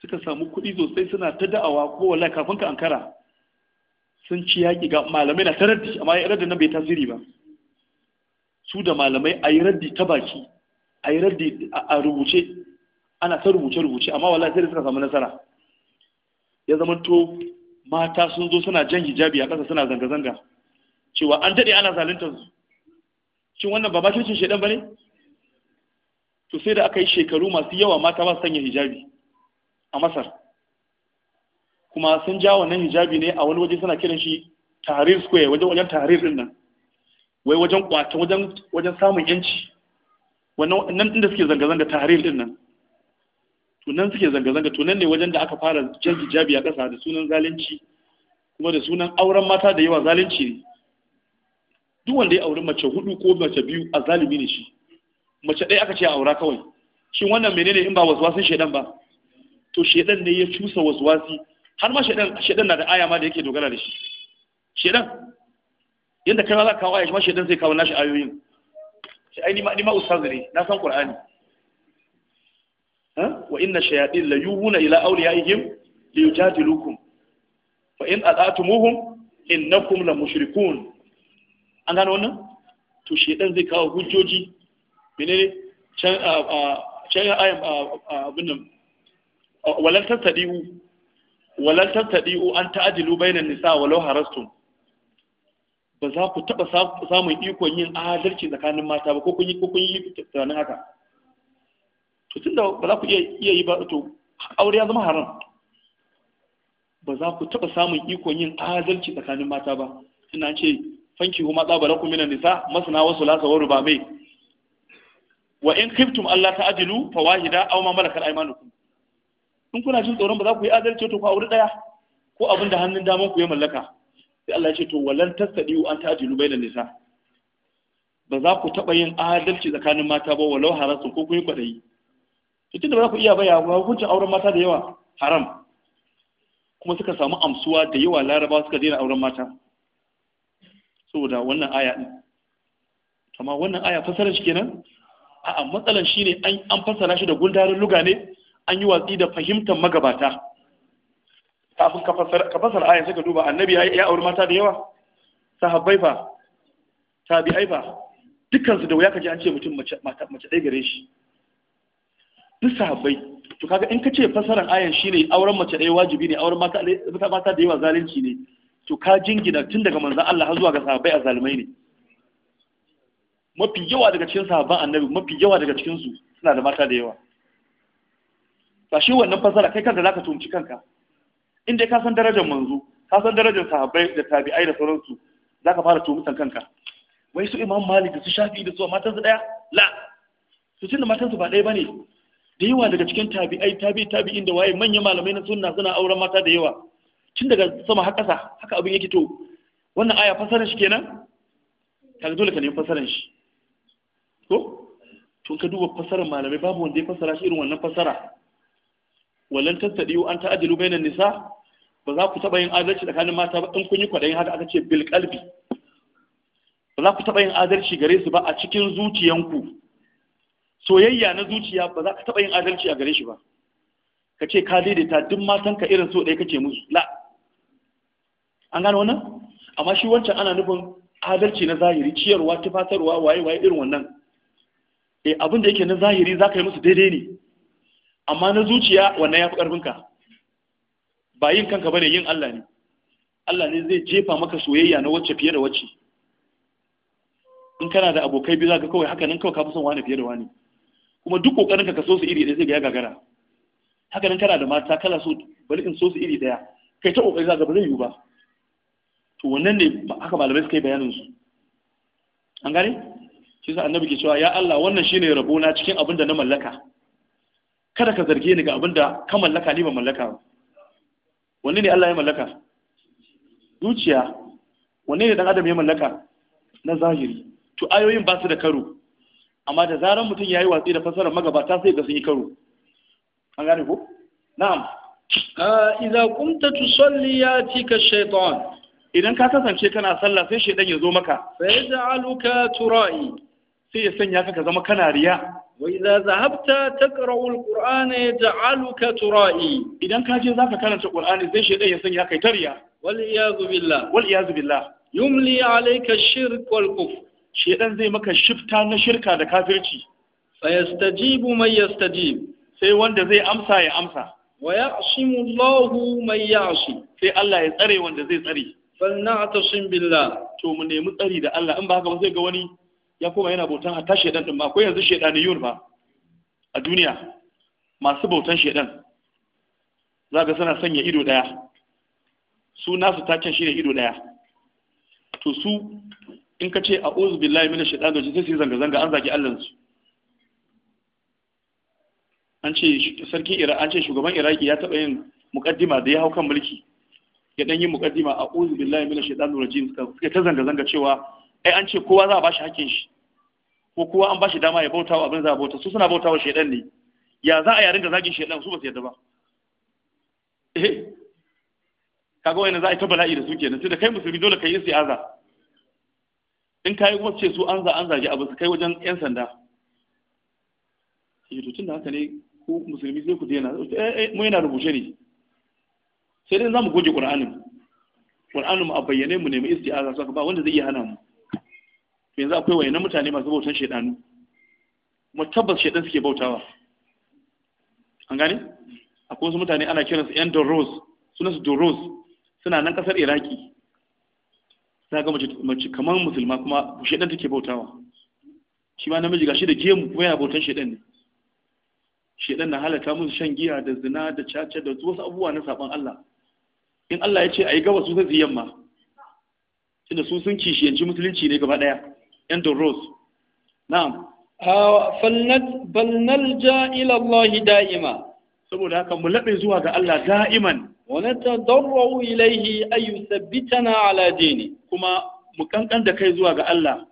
suka samu kuɗi sosai suna ta da'awa ko wallahi kafin ka ankara sun ci yaƙi ga malamai na tarar amma ya da nan bai tasiri ba su da malamai a yi raddi ta baki a yi raddi a rubuce ana ta rubuce-rubuce amma wala sai da suka samu nasara ya zama to mata sun zo suna jan hijabi a ƙasa suna zanga-zanga cewa an daɗe ana zalunta su shin wannan ba makircin shaidan ba ne to sai da aka yi shekaru masu yawa mata ba su sanya hijabi a masar kuma sun ja wannan hijabi ne a wani waje suna kiran shi tahrir square wajen wajen tahrir din nan wai wajen kwata wajen samun yanci wannan nan inda suke zanga-zanga tahrir din nan to nan suke zanga-zanga to nan ne wajen da aka fara jan jabi a ƙasa da sunan zalunci kuma da sunan auren mata da yawa zalunci ne duk wanda ya auri mace hudu ko mace biyu a zalimi ne shi mace ɗaya aka ce a aura kawai shin wannan menene in ba wasu wasin shaidan ba to shaidan ne ya cusa wasu wasi? har ma shaidan shaidan na da aya ma da yake dogara da shi shaidan yadda kai ma za ka kawo ayyashi ma shaidan zai kawo nashi ayoyin shi ai ni ma ustaz ne na san qur'ani wa inna shayatin la yuhuna ila awliyaihim li yujadilukum fa in ata'tumuhum innakum la mushrikun an gano wannan to shedan zai kawo hujjoji menene can a can ayan abin nan walan tastadiu walan tastadiu an ta'dilu bainan nisa walau harastum ba za ku taɓa samun ikon yin adalci tsakanin mata ba ko kun yi ko tunanin haka to tun da ba za ku iya yi ba to aure ya zama haram ba za ku taɓa samun ikon yin adalci tsakanin mata ba ina ce fanki huma tsabara ku minan nisa masana wasu lasa wa ruba mai wa in kiftum Allah ta'dilu fa wahida aw ma malakat aymanukum in kuna jin tsoron ba za ku yi adalci to ku aure daya ko abin da hannun daman ku ya mallaka sai Allah ya ce to walan tasadi an ta'dilu bainan nisa ba za ku taɓa yin adalci tsakanin mata ba walau harasu ko kun yi kwadayi to da ba za ku iya baya ba hukuncin auren mata da yawa haram kuma suka samu amsuwa da yawa laraba suka daina auren mata saboda wannan aya din amma wannan aya fasarar shi kenan a'a matsalan shine an an fasara shi da gundarin luga ne an yi watsi da fahimtar magabata kafin ka fasar ayin suka duba annabi ya auri mata da yawa sahabbai fa tabi'ai fa dukkan da wuya kaje an ce mutum mace ɗaya gare shi duk sahabbai to kaga in ka ce fasaran ayan shine auren mace ɗaya wajibi ne auren mata mata da yawa zalunci ne to ka jingina tun daga manzon Allah har zuwa ga sahabbai a zalumai ne mafi yawa daga cikin sahabban annabi mafi yawa daga cikin su suna da mata da yawa ba shi wannan fasara kai kanka zaka tumci kanka in dai ka san darajar manzo ka san darajar sahabbai da tabi'ai da sauransu zaka fara tumutan kanka wai su imam malik su shafi da su matansu daya la su tunda matansu ba daya bane da yawa daga cikin tabi'ai tabi'i tabi'in da waye manyan malamai na sunna suna auren mata da yawa tun daga sama har ƙasa haka abin yake to wannan aya fasaran shi kenan kaga dole ka nemi fasaran shi to tun ka duba fasaran malamai babu wanda ya fasara shi irin wannan fasara walan tastadiu an ta'dilu bainan nisa ba za ku taba yin adalci tsakanin mata ba in kun yi kwadayin haka aka ce bil qalbi ba za ku taba yin adalci gare su ba a cikin zuciyanku soyayya na zuciya ba za ka taba yin adalci a gare shi ba ka ce ka daidaita duk matan ka irin so ɗaya kake musu la an gano wannan amma shi wancan ana nufin adalci na zahiri ciyarwa tufatarwa waye waye irin wannan eh abin da yake na zahiri zaka yi musu daidai ne amma na zuciya wannan ya fi ƙarfinka ba yin kanka bane yin Allah ne Allah ne zai jefa maka soyayya na wacce fiye da wacce in kana da abokai biyu zaka kawai haka nan kawai kafi son wani fiye da wani kuma duk kokarin ka ka so su iri ɗaya zai ga ya gagara haka nan kana da mata kana so bari in so su iri ɗaya kai ta kokari zaka ba zai yiwu ba to wannan ne haka malamai suka yi bayanin su an gane shi sa annabi ke cewa ya Allah wannan shine rabona cikin abin da na mallaka kada ka zarge ni ga abin da ka mallaka ni ba mallaka ba wanne ne Allah ya mallaka zuciya wanne ne dan adam ya mallaka na zahiri to ayoyin ba su da karo amma da zaran mutum ya yi watsi da fasarar
magabata sai ga sun yi karo an gane ko na'am idza kunta tusalli yatika shaytan idan ka kasance kana sallah sai shaytan ya zo maka Sai ya aluka turai sai ya sanya ka ka zama kana riya وإذا ذهبت تقرأ القرآن يجعلك ترائي إذا كان جزء ya كانت القرآن زي شيء يسني كي تريا والعياذ بالله والعياذ بالله يملي عليك
الشرك والكفر شيطان زي مكا شفتا نشركا da kafirci fayastajibu
man yastajib sai wanda zai amsa ya amsa wa ya'simu Allahu man ya'si sai Allah ya tsare wanda zai tsare fal na'tasim billah to mu nemi
tsari da Allah in ba ba sai ga wani ya koma yana bautan a ta shaidan din ma ko yanzu shedaniyun ba a duniya masu bautan shedan za ga suna sanya ido daya su nasu taken shi ne ido daya to su in ka ce a uzu billahi mina shaidan dojin sai su yi zanga-zanga an zaki allansu an ce sarkin ira an ce shugaban iraki ya taɓa yin mukaddima da ya hau kan mulki ya ɗan yi mukaddima a uzu billahi mina shaidan dojin suka ta zanga-zanga cewa ai an ce kowa za a bashi hakkin shi ko kowa an bashi dama ya bauta wa abin za a bauta su suna bauta wa shaidan ne ya za a yarin da zagin shaidan su ba su yadda ba eh kaga wani za a yi ta bala'i da su kenan sai da kai musulmi dole ka yi istiaza in kai kuma ce su an za an zagi abin su kai wajen yan sanda yi eh, to da haka ne ku musulmi sai ku daina eh eh mu yana rubuce ne sai dai za mu goge qur'anin qur'anin mu a bayyane mu nemi istiaza saka ba wanda zai iya hana mu yanzu akwai wayannan mutane masu bautan shaidanu kuma tabbas shaidan suke bautawa an gane akwai wasu mutane ana kiransu yan doros su doros suna nan kasar iraki za ga mace kamar musulma kuma shaidan take bautawa shi ma namiji gashi da gemu kuma yana bautan shaidan ne shaidan na halata musu shan giya da zina da caca da wasu abubuwa na saban Allah in Allah ya ce a yi gaba su zai yamma tunda su sun kishiyanci musulunci ne gaba daya yan durus na'am bal
nalja ila da'ima saboda haka mu labe zuwa ga Allah da'iman wa natadarru ilayhi ay ala dini kuma mu kankan da
kai zuwa ga Allah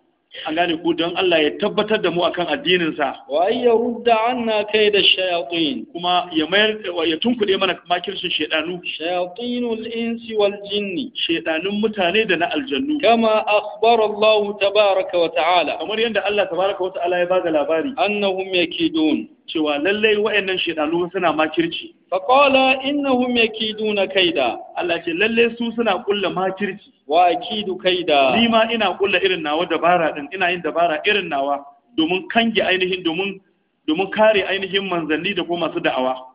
an gane ku don Allah ya tabbatar da mu akan addininsa
wa ya rudda anna kai da shayatin kuma ya mayar ya tunkuɗe mana makircin shaydanu shayatinul insi wal jinni shaydanun mutane da na aljannu kama akhbara Allah tabaraka wa ta'ala kamar yadda Allah tabaraka wa ta'ala ya bada labari annahum yakidun cewa lallai wa'annan shedanu suna makirci fa qala innahum yakiduna kaida Allah ce lallai su suna kulla makirci wa akidu kaida ni ma ina kulla
irin nawa dabara din ina yin dabara irin nawa domin kange ainihin domin domin kare ainihin manzanni da kuma masu da'awa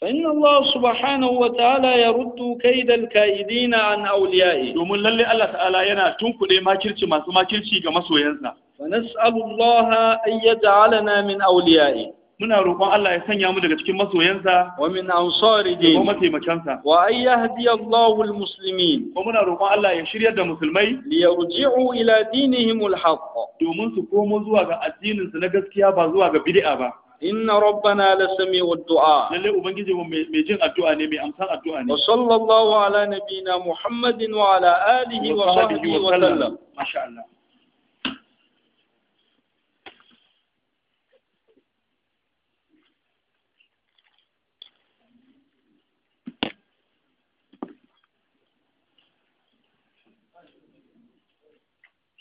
فإن الله سبحانه وتعالى يرد كيد الكائدين عن أوليائه دومن للي الله تعالى ينا تنكدي ماكيرتي ماسو ماكيرتي ga masoyansa فنسأل الله أن يجعلنا من أوليائه
muna roƙon Allah ya sanya mu daga cikin masoyansa wa min ansari dini kuma taimakansa wa ay yahdi Allahu almuslimin kuma muna roƙon Allah ya shiryar da musulmai li yarji'u ila dinihim alhaq domin su komo zuwa ga addinin su na gaskiya ba zuwa ga bid'a ba
inna rabbana la sami'u du'a lalle ubangiji mu mai jin addu'a ne mai amsan addu'a ne wa sallallahu ala nabina muhammadin wa ala alihi wa sahbihi wa sallam masha Allah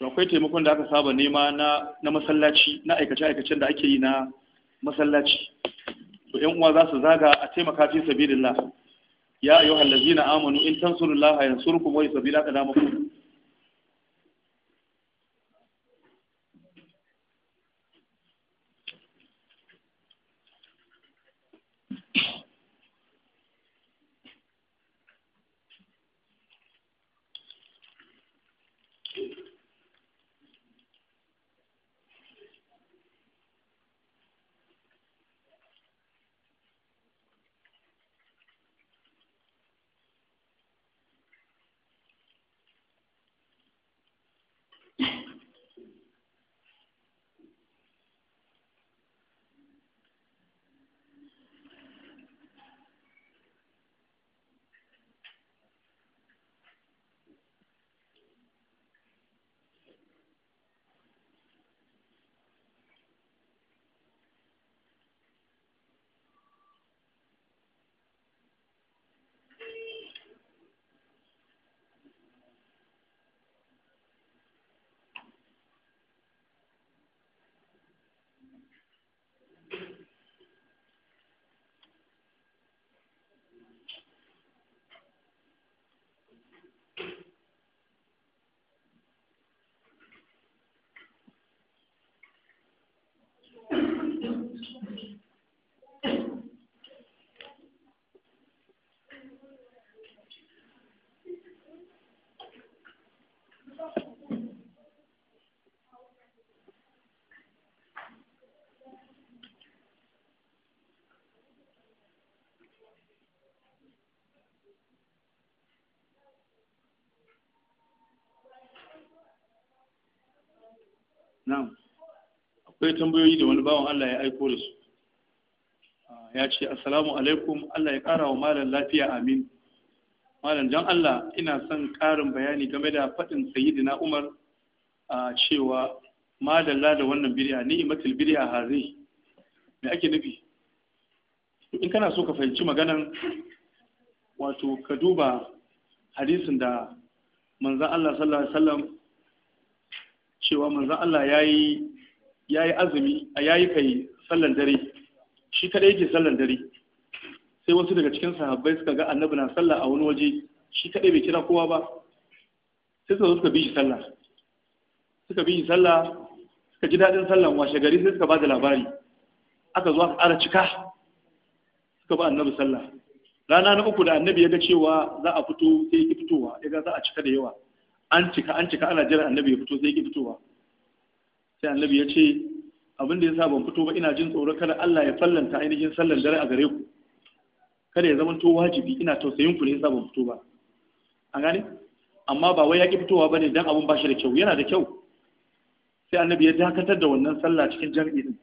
akwai taimakon da aka saba nema na masallaci na aikace aikacen da ake yi na masallaci to yan uwa za su zaga a taimaka fi sabilillah ya ayyuhal na amanu in tansurullaha sabi da aka damakon na'am akwai tambayoyi da wani bawan Allah ya aiko da su ah, ya ce assalamu alaikum Allah ya kara wa malam lafiya amin malam jan Allah ina son ƙarin bayani game da faɗin na Umar a cewa madalla da wannan bid'a ni'matul bid'a hazi me ake nufi in kana so ka fahimci maganan wato ka duba hadisin da manzan Allah sallallahu alaihi wasallam cewa manzon Allah ya yi azumi a yayi kai sallan dare shi kadai yake sallan dare sai wasu daga cikin sahabbai suka ga annabi na sallah a wani waje shi kadai bai kira kowa ba sai suka suka bi shi sallah suka bi shi sallah suka ji dadin sallan washe gari sai suka ba da labari aka zo aka ara cika suka ba annabi sallah rana na uku da annabi ya ga cewa za a fito sai ya fitowa ya ga za a cika da yawa an cika an cika ana jiran annabi ya fito sai ki fitowa sai annabi ya ce abin da yasa ban fito ba ina jin tsoro kada Allah ya fallanta ainihin sallan dare a gare ku kada ya zama to wajibi ina tausayin ku ne yasa ban fito ba an gane amma ba wai ya ki fitowa bane dan abun ba shi da kyau yana da kyau sai annabi ya dakatar da wannan sallah cikin jami'in din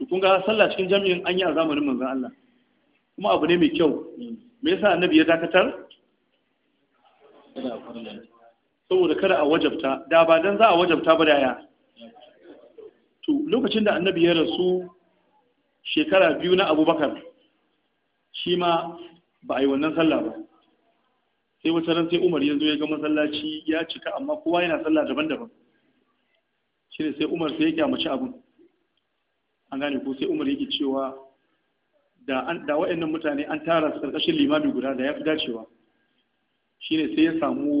to kun ga sallah cikin jami'in an yi a zamanin manzon Allah kuma abu ne mai kyau me yasa annabi ya dakatar saboda kada a wajabta da ba dan za a wajabta ba da ya to lokacin da annabi ya rasu shekara biyu na abubakar shi ma ba a yi wannan sallah ba sai wata ran sai umar yanzu ya ga masallaci ya cika amma kowa yana sallah daban-daban shi ne sai umar sai ya kyamaci abin an gane ko sai umar yake cewa da waɗannan mutane an tara su ƙarƙashin limami guda da ya fi dacewa shine sai ya samu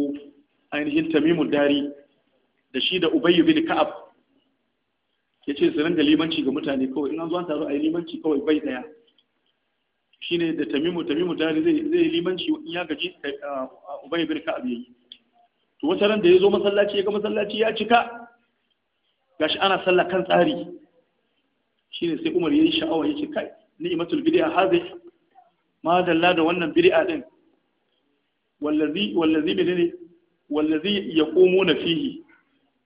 ainihin tamimul dari da shi da ubayyu bin ka'ab ya ce su da limanci ga mutane kawai in an zo an taru a yi limanci kawai bai daya shine da tamimu tamimu dari zai zai limanci in ya gaji uh, ubayyu bin ka'ab yayi to wata ran da ya zo masallaci ya ga masallaci ya cika gashi ana sallah kan tsari shine sai Umar yayi sha'awa yace kai ni'matul bid'a hadhihi ma dalla da wannan bid'a din wallazi wallazi bidini wallazi yaqumuna fihi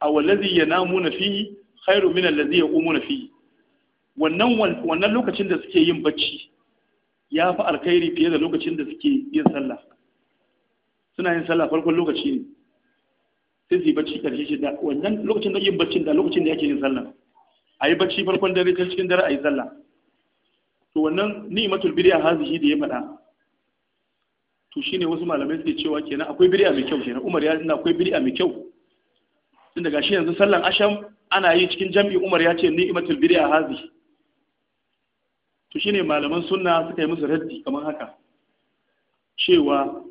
aw wallazi yanamuna fihi khairu min allazi na fihi wannan wannan lokacin da suke yin bacci ya fi alkhairi fiye da lokacin da suke yin sallah suna yin sallah farkon lokaci ne sai su yi bacci karshe shi da wannan lokacin da yin bacci da lokacin da yake yin sallah a yi bacci farkon dare ta cikin dare a yi sallah to wannan ni'matul bidiya hazihi da ya faɗa to shine wasu malamai suke cewa kenan akwai bid'a mai kyau kenan Umar ya ce akwai bid'a mai kyau tunda gashi yanzu sallan asham ana yi cikin jam'i Umar ya ce ni'matul bid'a hazi to shine malaman sunna suka yi musu raddi kamar haka cewa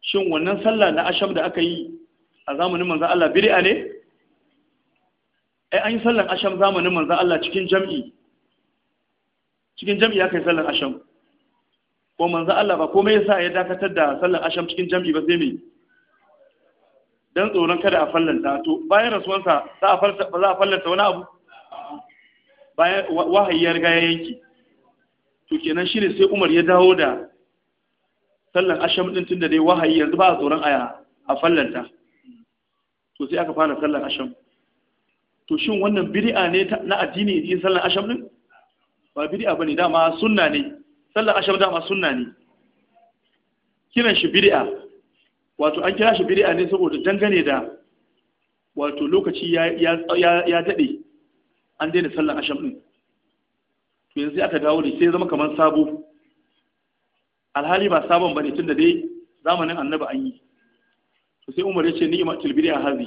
shin wannan salla na asham da aka yi a zamanin manzon Allah bid'a ne ai eh, an yi sallan asham zamanin manzon Allah cikin jam'i cikin jam'i aka yi sallan asham ko manzo Allah ba komai yasa ya dakatar da sallar asham cikin jami'i ba sai me dan tsoron kada a fallanta to bayan rasuwansa za a fallanta za a fallanta wani abu bayan wahayi ya riga ya yanki to kenan shine sai Umar ya dawo da sallar asham din tunda dai wahayi yanzu ba a tsoron aya a fallanta to sai aka fara sallar asham to shin wannan bid'a ne na addini yin sallar asham din ba bid'a bane dama sunna ne sallar ashar dama suna ne kiran shi bir'a. wato an kira shi bir'a ne saboda dangane da wato lokaci ya daɗe an daina sallar ashar ɗin to yanzu aka dawo da sai zama kamar sabo alhali ba sabon ba ne tun da dai zamanin annabi an yi to sai umar ya ce ni'ima tilbiri a hazi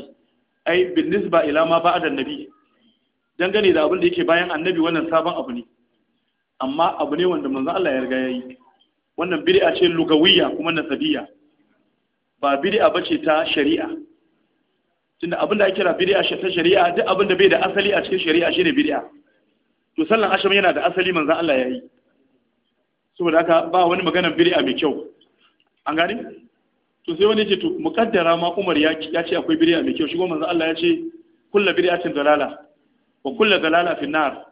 ai bin nisba ila ma ba'da annabi dangane da abin da yake bayan annabi wannan sabon abu ne amma abu ne wanda manzo Allah ya riga yayi wannan bid'a ce lugawiyya kuma nasabiyya ba bid'a bace ta shari'a tunda abin da ake kira bid'a ta shari'a duk abin da bai da asali a cikin shari'a shine bid'a to sallan asham yana da asali manzo Allah yayi saboda haka ba wani magana bid'a mai kyau an gani to sai wani ce to muqaddara ma Umar ya ce akwai bid'a mai kyau shi kuma manzo Allah ya ce kullu bid'atin dalala wa kullu dalala fi nar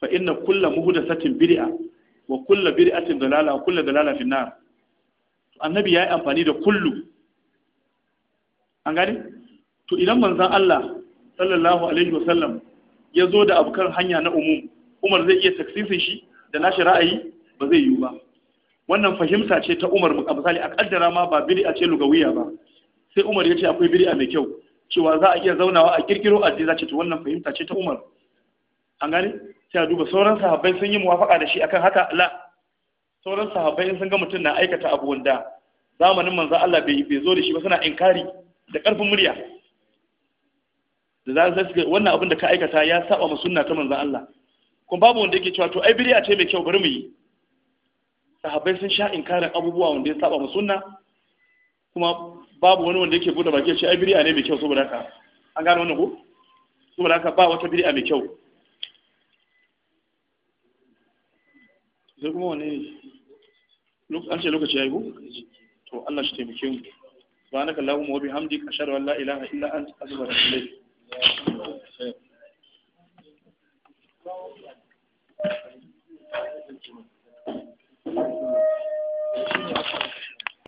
fa inna kulla muhdathatin bid'a wa kulla bid'atin dalala wa kulla dalala fi nar annabi yayi amfani da kullu an gani? to idan manzon Allah sallallahu alaihi wa sallam ya zo da abokan hanya na umum Umar zai iya taksisin shi da nashi ra'ayi ba zai yiwu ba wannan fahimta ce ta Umar a misali a kaddara ma ba bid'a ce lugawiya ba sai Umar ya ce akwai bid'a mai kyau cewa za a iya zaunawa a kirkiro addini za ce to wannan fahimta ce ta Umar an gani? ta duba sauran sahabbai sun yi muwafaka da shi akan haka la sauran sahabbai sun ga mutum na aikata abu wanda zamanin manzo Allah bai bai zo da shi ba suna inkari da karfin murya da za su ga wannan abin da ka aikata ya saba ma sunna ta manzo Allah kuma babu wanda yake cewa to ai bid'a ce mai kyau bari mu yi sahabbai sun sha inkarin abubuwa wanda ya saba ma sunna kuma babu wani wanda yake bude baki ya ce ai bid'a ne mai kyau saboda haka an gano wannan ko saboda haka ba wata bid'a mai kyau sai kuma wane an ce lokaci ya yi ku to Allah shi taimake mu subhanaka allahumma wa bihamdik ashhadu an la ilaha
illa anta astaghfiruka wa atubu Thank you.